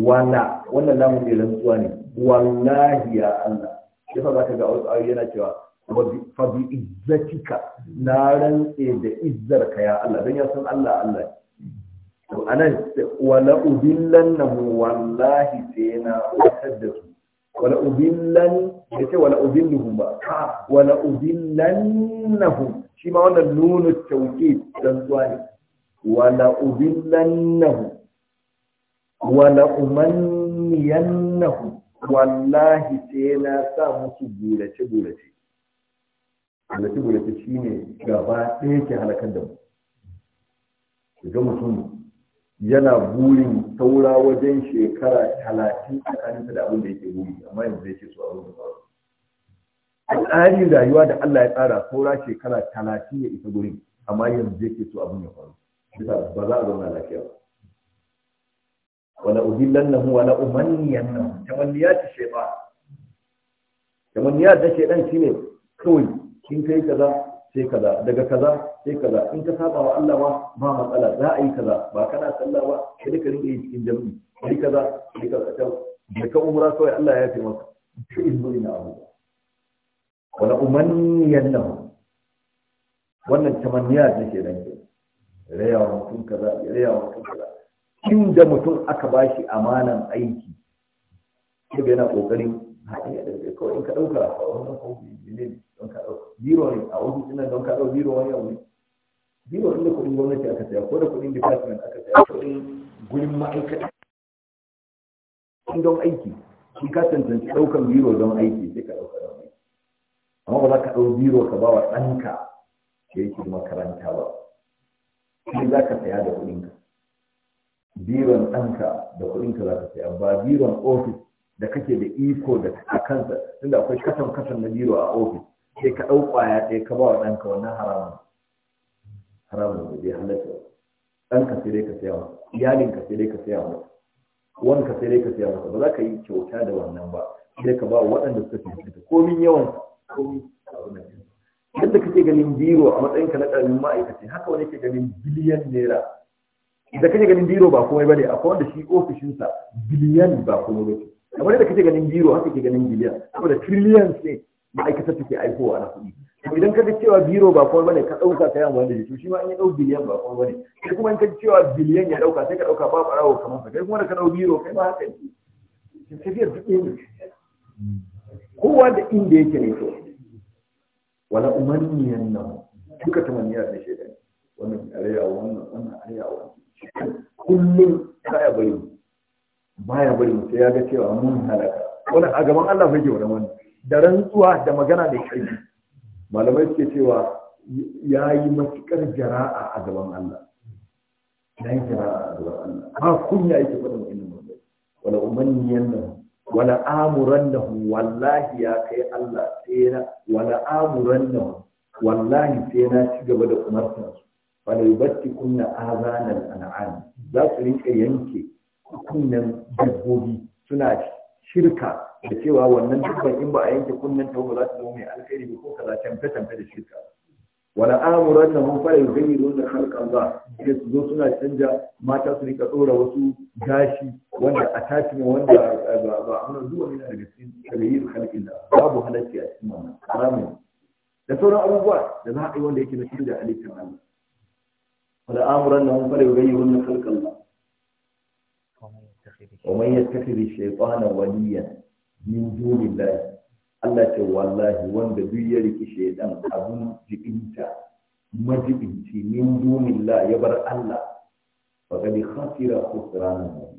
wala wannan namu ne rantsuwa ne wallahi ya Allah yasa zaka ga wasu ayoyi yana cewa fa bi izzatika na rantse da izzarka ya Allah dan ya san Allah Allah to anan wala ubillannahu wallahi sai na wata da su wala ubillan ya ce wala ubilluhum ba wala ubillannahum shi ma wannan nunu tauki dan zuwa ne wala ubillannahum wala umanniyannahum wallahi sai na sa musu burace burace burace burace shine gaba ɗaya ke halakar da mu ga mutum yana burin saura wajen shekara talatin tsakaninsa da abin da yake buri amma yanzu yake so abin da faru a tsarin rayuwa da Allah ya tsara saura shekara talatin ya isa gurin amma yanzu yake so abin ya faru bisa ba za a zauna lafiya ba wala udillannahu wala umanniyannahu tamanniyat shaytan tamanniyat da shaytan shine kawai kin kai kaza sai kaza daga kaza sai kaza in ka saba wa Allah ba ba matsala za a yi kaza ba kana sallah ba sai ka rinka yi cikin jami'i Sai kaza sai kaza ta da kan umra kawai Allah ya taimaka maka shi izuri na abu wala umanniyan lahu wannan tamanniya ne ke nan ke raya wa mutum kaza raya wa mutum kaza inda mutum aka bashi amanan aiki sai yana kokarin a iya ɗauke kawai in ka ɗauka a wannan ofis ne don ka ɗauka biro ne a don ka ɗauka biro wani biro da kuɗin gwamnati aka saya ko da kuɗin aka saya aiki shi ka tantance ɗaukan biro don aiki sai ka ɗauka don aiki amma ba za ka ɗau biro ka ba wa ɗanka da yake makaranta ba sai za ka saya da kuɗinka biron ɗanka da kuɗinka za ka saya ba biron ofis da kake da iko da a kansa tunda akwai kasan kasan na biro a ofis sai ka ɗau ƙwaya ɗaya ka ba wa ɗanka wannan haramun haramun da zai halatta ɗanka sai dai ka saya masa iyalinka sai dai ka saya masa wanka sai dai ka saya masa ba za ka yi kyauta da wannan ba sai ka ba waɗanda suka ta komin yawan komin yadda kake ganin biro a matsayinka na ƙaramin ma'aikaci haka wani ke ganin biliyan naira Idan kake ganin biro ba komai ne, akwai wanda shi ofishinsa biliyan ba komai bace kamar yadda kake ganin biro haka ke ganin biliyan saboda trillions ne ma'aikatar take aikowa na kuɗi to idan ka ga cewa biro ba komai bane ka ɗauka ta yamma da to shi ma in ya ɗau biliyan ba komai bane sai kuma in ka cewa biliyan ya ɗauka sai ka ɗauka ba ɓarawo kamar sa sai kuma da ka ɗau biro kai ma haka ne tafiyar duk ne kowa da inda yake ne to wala umanniyan nan duka tamanniya da shi bari sai ya ga cewa mun halaka wannan a gaban Allah fa yake wannan wannan da rantsuwa da magana da ƙarfi malamai suke cewa ya yi jara'a a gaban Allah dan jara'a a gaban Allah ba kunya yake faɗin wannan wannan wala umanniyan nan wala amuran nan wallahi ya kai Allah sai na wala amuran nan wallahi sai na ci gaba da umarta su wala yubatti kunna azanan an'am za su rinka yanke kunnen dabbobi suna shirka da cewa wannan dukkan in ba a yanke kunnen ta ba za ta zama mai alkhairi ko kaza tamfe tamfe da shirka wala amurata mun fara yughayyiru da khalqan ba sai su zo suna canja mata su rika tsora wasu gashi wanda a ne wanda ba amma zuwa ne daga cikin da khalqin da babu halarci a cikin wannan haramun da sauran abubuwa da za a yi wanda yake na shirya halittar Allah wala amuran nan fara yughayyiru da khalqan ba ومن يتخذ الشيطان وليا من دون الله Allah ce wallahi wanda duk ya riki shaidan abun jibinta majibinci min dunillah ya bar Allah fa gadi khasira khusranan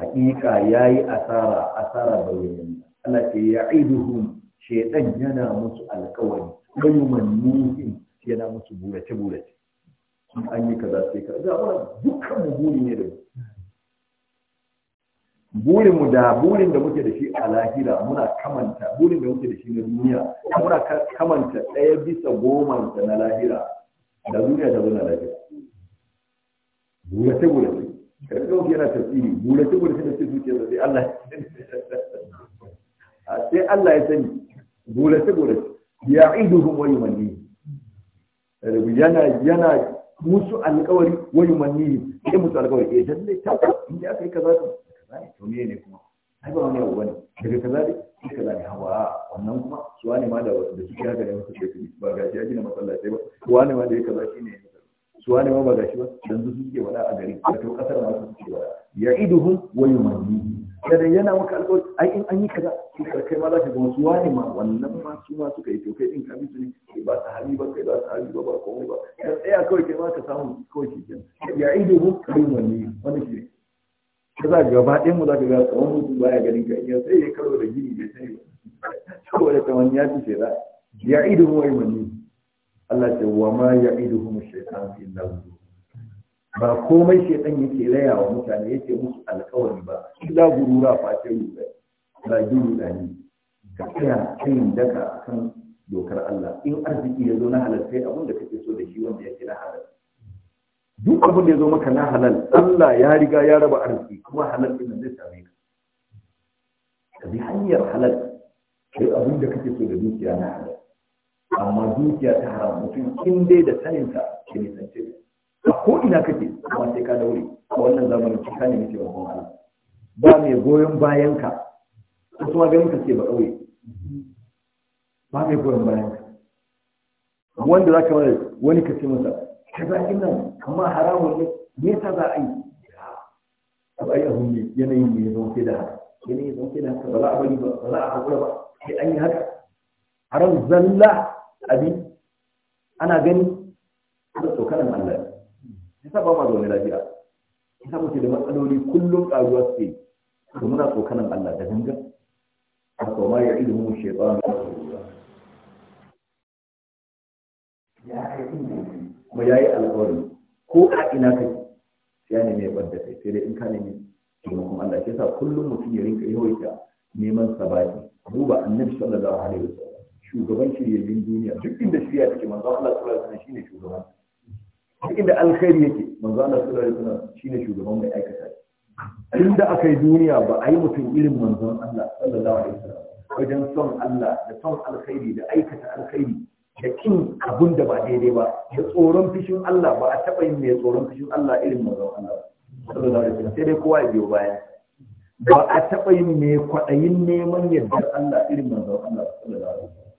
hakika yayi asara asara bayyana Allah ce ya'iduhum shaidan yana musu alƙawari bayyuman nuhin yana musu burace burace in an yi kaza sai kaza da wani dukkan mu buri ne da burin mu da burin da muke da shi a lahira muna kamanta burin da muke da shi na duniya muna kamanta ɗaya bisa goma da na lahira da duniya ta zuna lahira burace burace karfi ga yana tafsiri burace burace da sai zuciya sai Allah ya sai Allah ya sani burace burace ya idu iduhum wa yumanni yana yana musu alƙawari wani manni sai musu alƙawari eh dan dai tabbas in da aka yi kaza to to me ne kuma ai ba wani abu ne. daga kaza dai sai kaza ne hawa wannan kuma su wani ma da wasu da su kira gare musu sai ba ga shi ajina masallaci ba su wani ma da ya kaza shine su wani ma ba ga shi ba dan su suke wada a gari da to kasar ma su suke wada ya'iduhum wa yumanni da yana maka alƙawari ai in an yi kaza ki kai ma za ka ga wasu wani ma wannan ma su ma suka yi to kai din ka bi su ne kai ba ta hali ba kai ba ta hali ba ba komai ba ka tsaya kawai kai ma ka samu kawai ki kenan ya ido mu kai wani wani ke ka za gaba ɗayan mu za ka ga tsawon mutu ba ya ganin ka in ya sai ya karo da gini bai sani ba da kamar ya fi shera ya ido mu wani Allah ce wa ma ya ido mu shaitan illa zuwa ba komai shekan yake raya wa mutane yake musu alkawari ba illa gurura face ruɗa ba ji ruɗani ka tsaya tsayin daka kan dokar Allah in arziki ya zo na halal sai abin da kake so da shi wanda yake na halal duk abin da ya zo maka na halal Allah ya riga ya raba arziki kuma halal din zai same ka ka bi hanyar halal sai abin da kake so da dukiya na halal amma dukiya ta haram mutum in dai da saninka ke nisance a ko ina kake amma sai ka daure a wannan zamanin ka ne mace ba kuma ba mai goyon bayan ka wasu ma ganin ka ce ba kauye ba mai goyon bayan ka wanda zaka wani wani ka ce masa Ka kaza nan amma haramun ne me yasa za a yi ba ai a ne yanayin ne ya zo sai da haka yanayin ya zo sai da haka ba za a bari ba ba za a hakura ba sai an yi haka haram zalla abin ana gani da tsokanin Allah yasa ba ma wani lafiya yasa muke da matsaloli kullum karuwa suke to muna tsokanan Allah da gangan haka ma ya ilmu shaytan ya yi kuma ya yi alƙawari ko a ina kai ya ne mai ɓadda kai sai dai in ka nemi taimakon Allah shi yasa kullum mutum ya rinka yawaita neman sabati duba annabi sallallahu alaihi wasallam shugaban shirye-shiryen duniya duk inda shirya take manzo Allah sallallahu alaihi wasallam shine shugaban duk inda alkhairi yake manzo Allah sallallahu alaihi wasallam shine shugaban mai aikata inda aka yi duniya ba a yi mutum irin manzon Allah sallallahu alaihi wasallam wajen son Allah da son alkhairi da aikata alkhairi da kin abun da ba daidai ba da tsoron fishin Allah ba a taba yin mai tsoron fishin Allah irin manzon Allah sallallahu alaihi wasallam sai dai kowa ya biyo baya ba a taba yin mai kwaɗayin neman yardar Allah irin manzon Allah sallallahu alaihi wasallam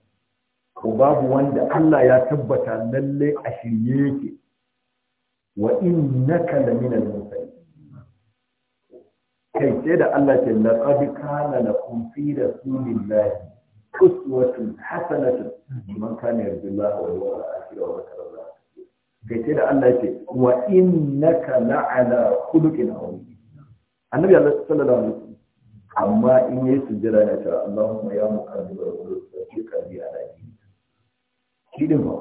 ko babu wanda Allah ya tabbata lalle a shirye yake wa innaka laminal mursalin kai sai da Allah ce laqad kana lakum fi rasulillahi uswatun hasanatun liman kana yarjullaha wal yawmal akhir wa zakara Allah kai sai da Allah ce wa innaka la'ala khuluqin azim annabi Allah sallallahu alaihi wasallam amma in yayi sujjada na ta Allahumma ya muqaddibal qulub sabbi qalbi ala dinik shi din ba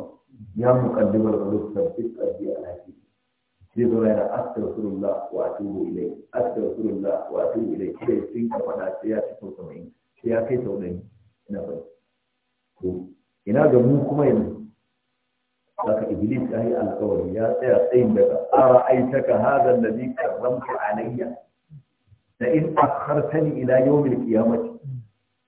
ya muqaddibal qulub sabbi qalbi ala dinik zai zo yana astaghfirullah wa atubu ilai astaghfirullah wa atubu ilai sai sun ka faɗa sai ya ci sau saba'in sai ya kai sau ɗari na bai to ina ga mu kuma yanzu saka iblis ya yi alkawari ya tsaya tsayin daga ara aitaka hadha alladhi karramta alayya da in akhartani ila yawmil qiyamati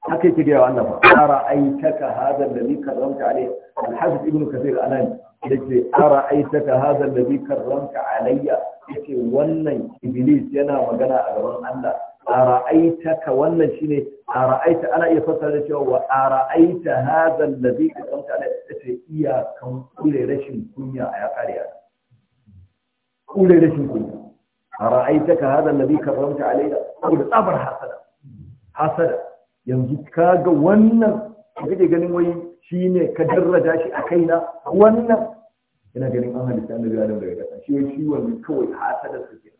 haka yake ga Allah fa ara aitaka hadha alladhi karramta alayya al-hafiz ibn kathir anan yace ara aitaka hadha alladhi karramta alayya yake wannan iblis yana magana a gaban Allah ara aitaka wannan shine ara aita ana iya fassara da cewa wa ara aita hadha alladhi karramta alayya yake iya kan kure rashin kunya a ya kariya kure rashin kunya ara aitaka hadha alladhi karramta alayya ko da tsabar hasada hasada yanzu kaga wannan kake ganin wai shi ne ka darraja shi a kaina wannan yana ganin an halitta annabi adam daga kasa shi wai shi wannan kawai hasadar su ke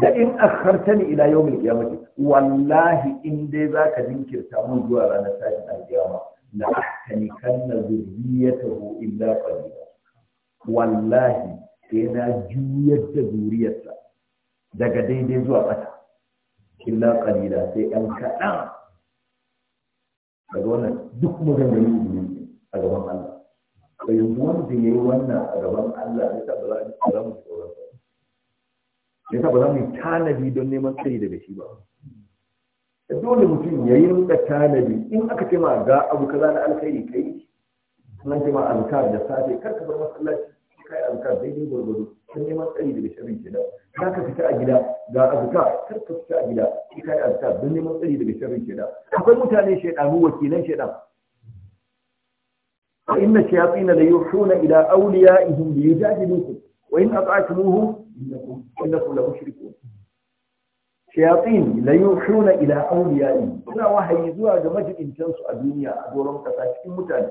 da in ni ila yawmil qiyamati wallahi in dai zaka jinkirta mun zuwa ranar tashin alkiyama la ahtani kanna zurriyatahu illa qalila wallahi sai na juyar da zuriyarsa daga daidai zuwa ƙasa illa qalila sai ƴan kaɗan daga wannan duk maganganu ne a gaban Allah bai wanda ya yi wannan a gaban Allah ya saba za a za mu tsoron ya saba za mu yi tanadi don neman kai daga shi ba dole mutum ya yi rinka tanadi in aka ce ma ga abu kaza na alkhairi kai nan ce ma azkar da safe kar ka bar masallaci kai azkar daidai gwargwado kan neman tsari daga sharrin kenan za ka fita a gida ga azkar kar ka fita a gida sai kai azkar don neman tsari daga sharrin kenan akwai mutane shaidanu wakilan shaidan وإن الشياطين ليوحون إلى أوليائهم ليجادلوكم وإن أطعتموهم إنكم إنكم لمشركون shayatin la yuhuna ila awliyai suna wahayi zuwa ga majibintan a duniya a doron kasa cikin mutane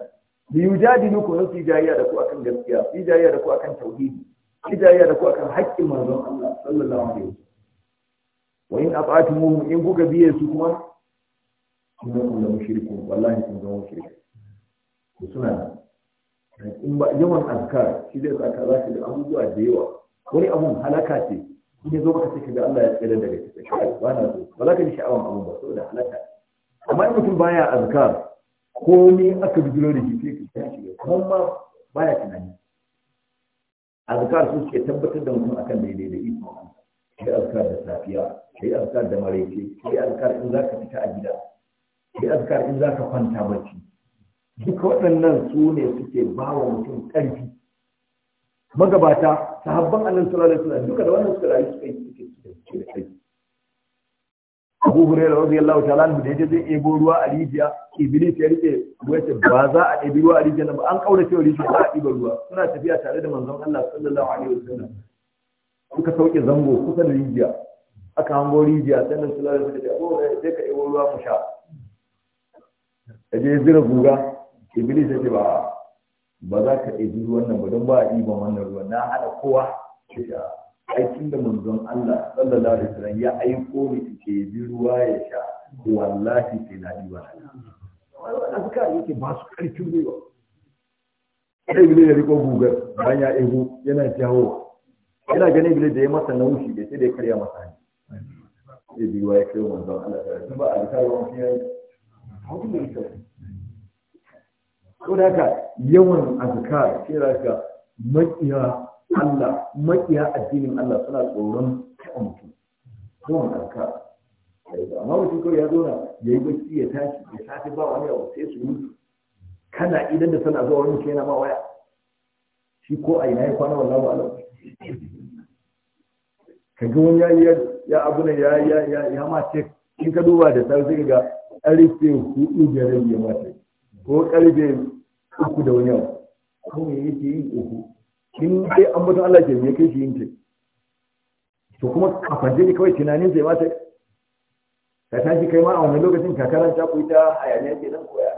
bi yujadilu ku su jayya da ku akan gaskiya su jayya da ku akan tauhidi su jayya da ku akan haƙƙin manzon Allah sallallahu alaihi wa in ata'tumuhum in kuka biye su kuma innakum da mushriku wallahi kun zama mushriku ku suna in ba yawan azkar shi zai zaka za da abubuwa da yawa wani abun halaka ce in ya zo baka sai kaga Allah ya tsere daga cikin shi ba na so ba za ka ji sha'awan abun ba saboda halaka amma in mutum baya azkar komi aka bijiro da shi sai ka tashi kuma ma baya tunani azkar su suke tabbatar da mutum akan daidai da iko kai azkar da safiya kai azkar da maraice kai azkar in za ka fita a gida kai azkar in za ka kwanta bacci duk waɗannan su ne suke ba wa mutum ƙarfi magabata sahabban annabi sallallahu alaihi wasallam duka da wannan suka rayu suka yi suke da ƙarfi abu hurairah radiyallahu ta'ala da yaje zai ebo ruwa a rijiya iblis ya rike wace ba za a ebi ruwa a rijiya ba an kaura cewa rijiya za a ɗiba ruwa suna tafiya tare da manzon Allah sallallahu alaihi wasallam suka sauke zango kusa da rijiya aka hango rijiya sannan su lalata da ce abu hurairah sai ka ebo ruwa ku sha aje zira gura iblis ya ce ba ba za ka ebi ruwan nan ba don ba a ibo wannan ruwan na hada kowa ya aikin da manzon Allah sallallahu alaihi wasallam ya aiko ni ke bi ruwa ya sha wallahi sai na yi wahala wannan suka yake ba su ne ba. sai bile ya riko gugar bayan ya ego yana jawo yana ganin bile da ya masa naushi da sai da ya karya masa ne ya biwa ya kai manzon Allah sallallahu ba a tsaya wa ya hauki ne ita ko da ka yawan azkar sai ka makiya Allah makiya addinin Allah suna tsoron taɓa mutum zuwan karka amma mutum kawai ya zauna ya yi bacci ya tashi ya tafi ba wani abu sai su mutu kana idan da sana zuwa wani kena ma waya shi ko a ina ya kwana wannan ba alam ka ga wani ya ya ne ya ya ya ya ma ce in ka duba da sai sai ga ƙarfe hudu da rabi ya ma ce ko karfe uku da wani abu kawai yake yin uku in dai an mutum Allah ke ya kai shi yin ce to kuma kafanje ne kawai tunanin sai mata ka tashi kai ma a wani lokacin ka karanta ku ta hayaniya ke nan koya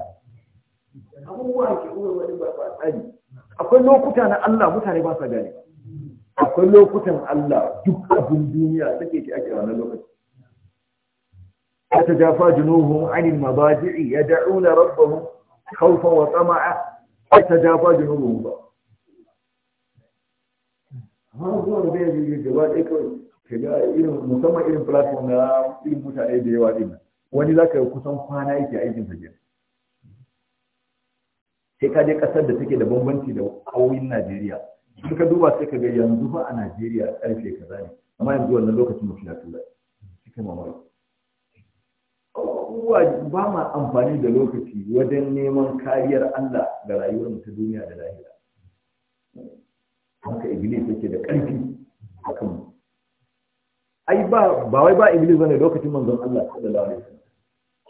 abubuwa ke kuma wani ba tsari akwai lokuta na Allah mutane ba sa gane akwai lokutan Allah duk abin duniya take ke ake wannan lokacin تتجافى جنوبهم عن المضاجع يدعون ربهم خوفا وطمعا تتجافى جنوبهم har zuwa da zai yi gaba ɗaya kawai kaga irin musamman irin platform na irin mutane da yawa din wani za ka kusan kwana yake aikin sa kenan sai ka je kasar da take da bambanci da ƙauyen Najeriya in ka duba sai ka ga yanzu ba a Najeriya karfe kaza ne amma yanzu wannan lokacin mutum ya tura cikin mamaki abubuwa ba ma amfani da lokaci wajen neman kariyar Allah ga rayuwar ta duniya da lahira haka iblis yake da ƙarfi a kan ai ba ba wai ba iblis bane lokacin manzon Allah sallallahu alaihi wasallam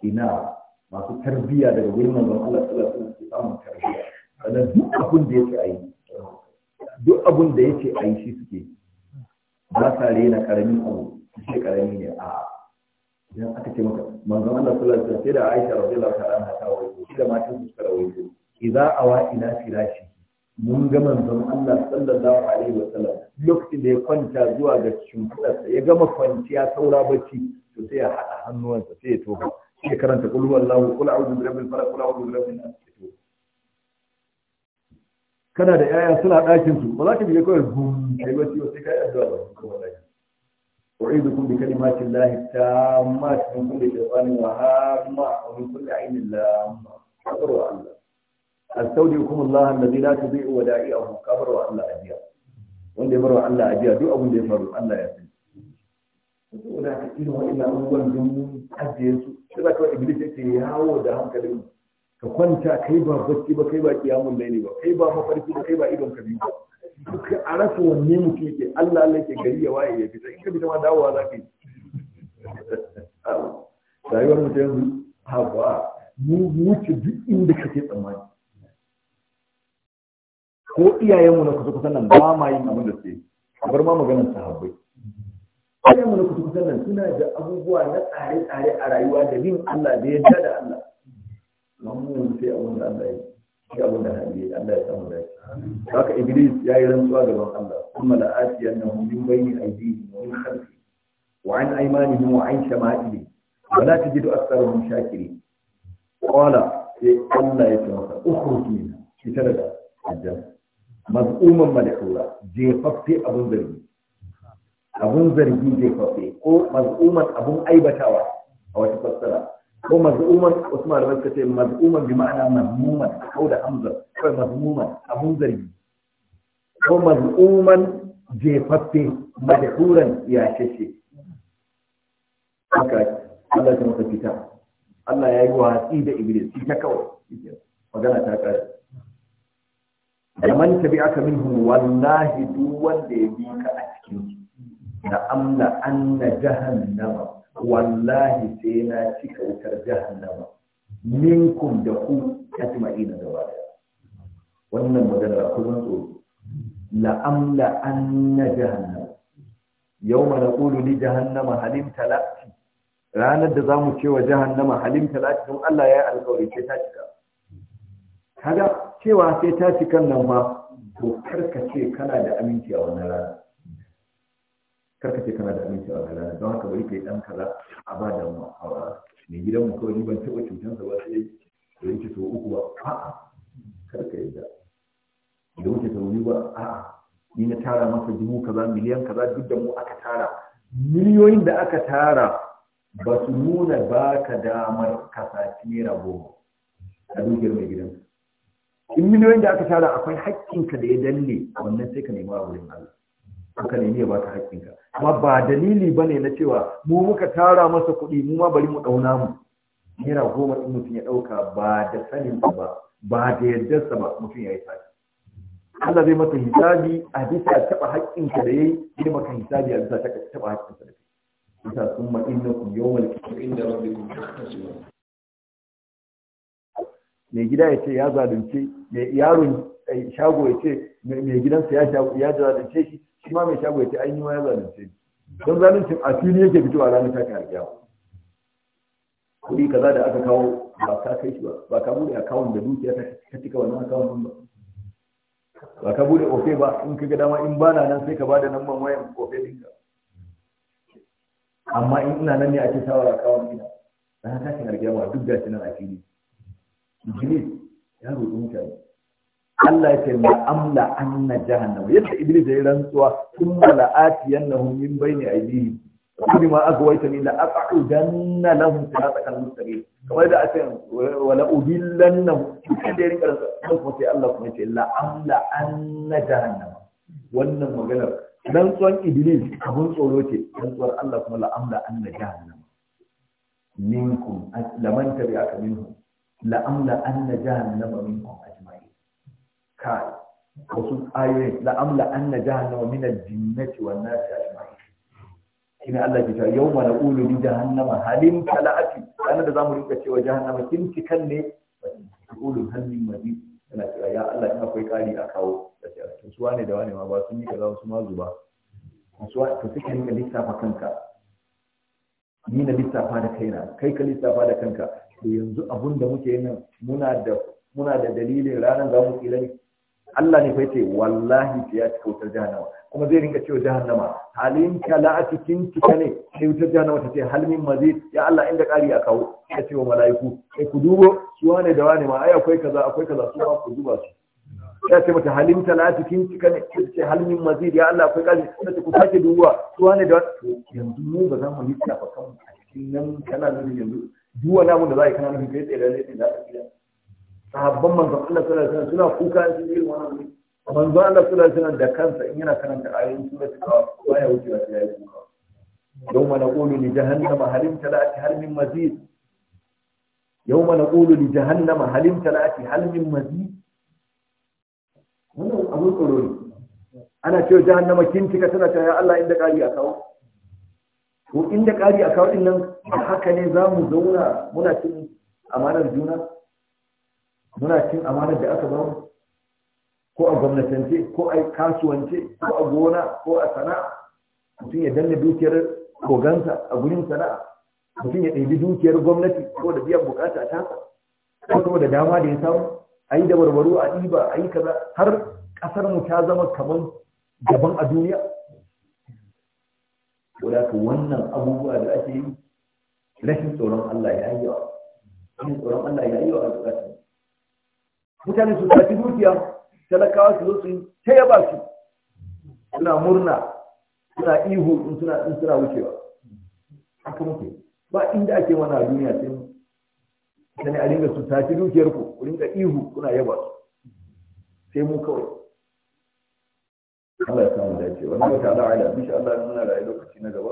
ina masu tarbiyya daga wurin manzon Allah sallallahu alaihi wasallam samun tarbiyya sannan duk abin da yake ayi duk abin da yake ayi shi suke ba sa rena karami ko shi karami ne a idan aka ce maka manzon Allah sallallahu alaihi wasallam sai da Aisha radiyallahu ta'ala ta rawaito shi da matan su suka rawaito idza awa ila firashi mun ga manzon Allah sallallahu alaihi wa sallam lokacin da ya kwanta zuwa ga shimfidarsa ya gama kwanciya saura bacci to sai ya haɗa hannuwansa sai ya toba sai ya karanta kullu wallahu kul a'udhu bi rabbil falaq kul a'udhu bi rabbin nas kana da yaya suna ɗakin su ba za ka biye kawai bum kai ciwo sai ka yi addu'a ba kuma dai tamma بكلمات الله التامات wa كل شيطان وهامة kulli كل عين لامة. الله astaudikum Allah allazi la tudhi'u wada'i'ahu kabar wa Allah ajiya wanda ya barwa Allah ajiya duk abin da ya faru Allah ya sani saboda ka wa ila abubuwan don ajiye su sai za ka wa iblis yake yawo da hankalin ka kwanta kai ba bacci ba kai ba kiyamun laili ba kai ba mafarki ba kai ba idon ka biyu duk a rasa wanne mutum yake Allah Allah yake gari ya waye ya fita in ka fita ma dawowa za ka yi rayuwar mu ta yanzu hawa mu wuce duk inda kake tsammani ko iyayenmu na kusa kusan nan ba ma yin abin da suke bar ma maganar sahabbai iyayenmu na kusa kusan nan suna da abubuwa na tsare-tsare a rayuwa da bin Allah da yadda da Allah amma yanzu sai abin da Allah ya sai abin da hali Allah ya samu da haka Iblis ya yi rantsuwa ban Allah kuma la'ati annahu min bayni aydihim wa min khalfihim wa an aymanihim wa an shama'ilihim wa la tajidu aktharahum shakirin qala sai Allah ya taimaka. masa ukhruj minha fitar daga. aljanna maz'uman madhura jefaffe abun zargi abun zargi jefaffe ko maz'uman abun aibatawa a wata fassara ko maz'uman wasu malamai suka ce maz'uman bi ma'ana mazmuman kau da hamza kawai mazmuman abun zargi ko maz'uman jefaffe madhuran yashashe haka Allah ya masa fita Allah ya yi watsi da Iblis ita kawai magana ta kare da man tabi'aka minhum wallahi duwan da ya bi ka a cikin da amla anna jahannama wallahi sai na cika wutar jahannama minkum da ku ajma'ina gaba daya wannan magana ku zan tsoro la amla anna jahannama yawma naqulu ni jahannama halin talati ranar da za mu ce wa jahannama halin talati don Allah ya yi alƙawari ce ta cika kaga cewa sai ta ci kan nan ba to karka ce kana da aminci a wannan rana karka ce kana da aminci a wannan rana don haka bari kai dan kaza a ba da mu a ne gidan mu kawai ni ban taba cutansa ba sai da yake so uku ba a karka yadda da wuce ta wuri ba a ni na tara masa dubu kaza miliyan kaza duk da mu aka tara miliyoyin da aka tara ba su nuna ba ka damar kasaci naira goma a dukiyar mai gidansa in miliyoyin da aka tara akwai haƙƙinka da ya danne wannan sai ka nemi a wurin Allah ka nemi ya ba ka haƙƙinka amma ba dalili bane na cewa mu muka tara masa kuɗi mu ma bari mu ɗauna mu naira goma in mutum ya ɗauka ba da sanin ba ba da yardarsa ba mutum ya yi sa Allah zai masa hisabi a bisa taɓa haƙƙinka da ya yi zai maka hisabi a bisa taɓa haƙƙinka da ya yi. Isa sun ma'inna kun yawon inda rabbi kun mai gida ya ce ya zalunce yaron eh, shago ya ce mai gidansa ya zalunce shi shi ma mai shago ya ce ainihi ma ya zalunce shi don zaluncin a fili yake a ranar tashi alƙiyawa kuɗi kaza da aka kawo ba ka kai shi ba ba ka bude akawun da dukiya ta cika wannan akawun ɗin ba ba ka bude ofe ba in ka ga dama in ba na nan sai ka bada nan man wayan ofe ɗinka amma in ina nan ne ake shawara kawon gida ranar tashi alƙiyawa duk gashi nan a fili Iblis ya roƙi mutane Allah ya ce ma amla anna jahannama yadda Iblis ya yi rantsuwa kun mala'ati yannahum min bayni aydihim kulli ma aghwaytani la aq'udanna lahum siratal mustaqim kamar da aka wala udillannahum da ya da rantsuwa sai Allah kuma ce la amla anna jahannama wannan maganar rantsuwan Iblis abun tsoro ce rantsuwar Allah kuma la amla anna jahannama minkum laman tabi'aka minhum la'amla anna jahannama minkum ajma'in kai wasu ayoyin la'amla anna jahannama min al-jinnati wan nasi ajma'in kina Allah ke cewa yawma naqulu li jahannama halim tala'ati kana da zamu rinka cewa jahannama kin cikan ne qulu hal min mazid kana cewa ya Allah in akwai kari a kawo da ce su wane da wane ma ba sun yi kaza su ma zuba su to suka rinka lissafa kanka ni na lissafa da kaina kai ka lissafa da kanka to yanzu abun da muke nan muna da muna da dalilin ranar za mu tsira ne Allah ne fai ce wallahi ya ci kautar jahannama kuma zai rinka cewa jahannama halin kala a cikin kika ne sai wutar jahannama ta ce halmin mazid ya Allah inda kari a kawo ya ce wa mala'iku sai ku dubo su wane da wane ma ai akwai kaza akwai kaza su ma ku duba su ya ce mata halin kala a cikin kika ne ta ce halmin mazid ya Allah akwai kaji ta ce ku sake dubuwa su wane da wane yanzu mu ba za mu yi kanmu a cikin nan kana nuna yanzu duk wani abu da za a yi kana nufin kai tsaye da zai tsaye da aka gida sahabban manzon Allah sallallahu alaihi wasallam suna kuka su yi wannan ne manzon Allah sallallahu alaihi wasallam da kansa in yana karanta ayoyin suratul kaf baya wuce da yayi kuka yawma naqulu li jahannama halim talati hal min mazid yawma naqulu li jahannama halim talati hal min mazid wannan abun tsoro ne ana cewa jahannama kin cika tana cewa ya Allah inda kari a kawo Ko inda kari a kawo din nan da haka ne za mu zauna muna cin amanar juna muna cin amanar da aka bamu ko a gwamnatance ko a kasuwance ko a gona ko a sana'a mutum ya danna dukiyar koganta a gurin sana'a mutum ya ɗaibi dukiyar gwamnati ko da biyan bukata ta ko kuma da dama da ya samu a yi da a ɗiba a yi kaza har ƙasar mu ta zama kamar daban a duniya. Wadatu wannan abubuwa da ake yi rashin tsoron Allah ya yi yawa rashin tsoron Allah ya yi yawa a zukatan mutane su tafi dukiya talakawa su zo su ta ba su suna murna suna ihu in suna in suna wucewa haka muke ba inda ake wannan duniya sai Sani a dinga su tafi dukiyar ku ku ringa ihu kuna yaba su sai mu kawai Allah ya samu dace wannan wata da'ala insha Allah muna rayu lokaci na gaba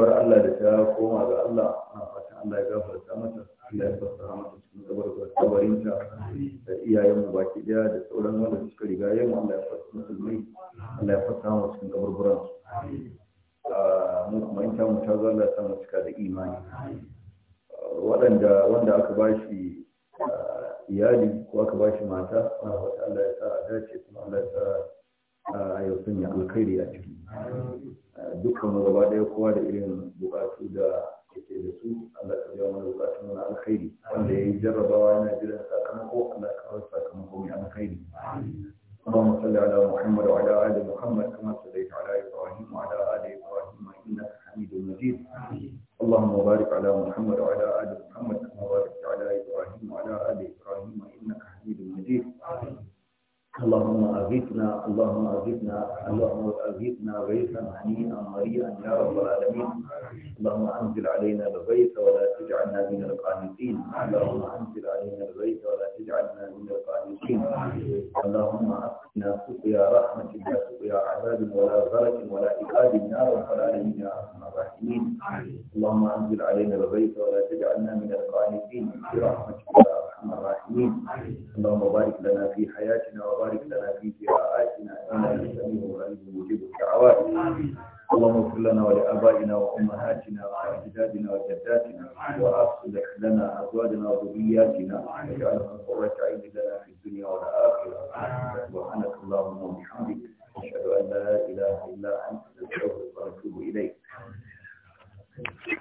baiwar Allah da ta koma ga Allah a fata Allah ya gafarta mata Allah ya fassara mata cikin kabarinta da iyayenmu baki daya da sauran wanda suka riga yau Allah ya fassara musulmai Allah ya fassara mata cikin kaburburan mu kuma in ta mu ta zalla ta mu cika da imani waɗanda wanda aka bashi iyali ko aka bashi mata a fata Allah ya sa a dace kuma Allah ya sa a yau sun yi alkhairi a ciki dukkan mu gaba ɗaya kowa da irin bukatu da yake da su Allah ta jawo mana bukatun mana alkhairi wanda ya yi jarrabawa yana jiran sakamako Allah ka kawo sakamako mai alkhairi اللهم صل على محمد وعلى ال محمد كما صليت على ابراهيم وعلى ال ابراهيم انك حميد مجيد اللهم بارك على محمد وعلى ال محمد كما باركت على ابراهيم وعلى ال ابراهيم انك حميد مجيد اللهم أغثنا اللهم أغثنا اللهم أغثنا غيثا هنيئا مريئا يا رب العالمين اللهم أنزل علينا الغيث ولا تجعلنا من القانطين اللهم أنزل علينا الغيث ولا تجعلنا من القانطين اللهم أسقنا سقيا رحمة لا سقيا عذاب ولا غرق ولا إكاد يا رب العالمين يا أرحم الراحمين اللهم أنزل علينا الغيث ولا تجعلنا من القانطين برحمتك يا أرحم الراحمين اللهم بارك لنا في حياتنا وبارك وبارك لنا في قراءاتنا انك سميع قريب مجيب الدعوات اللهم اغفر لنا ولابائنا وامهاتنا واجدادنا وجداتنا واصلح لنا ازواجنا وذرياتنا واجعلهم قرة عين لنا في الدنيا والاخره سبحانك اللهم وبحمدك اشهد ان لا اله الا انت نستغفرك ونتوب اليك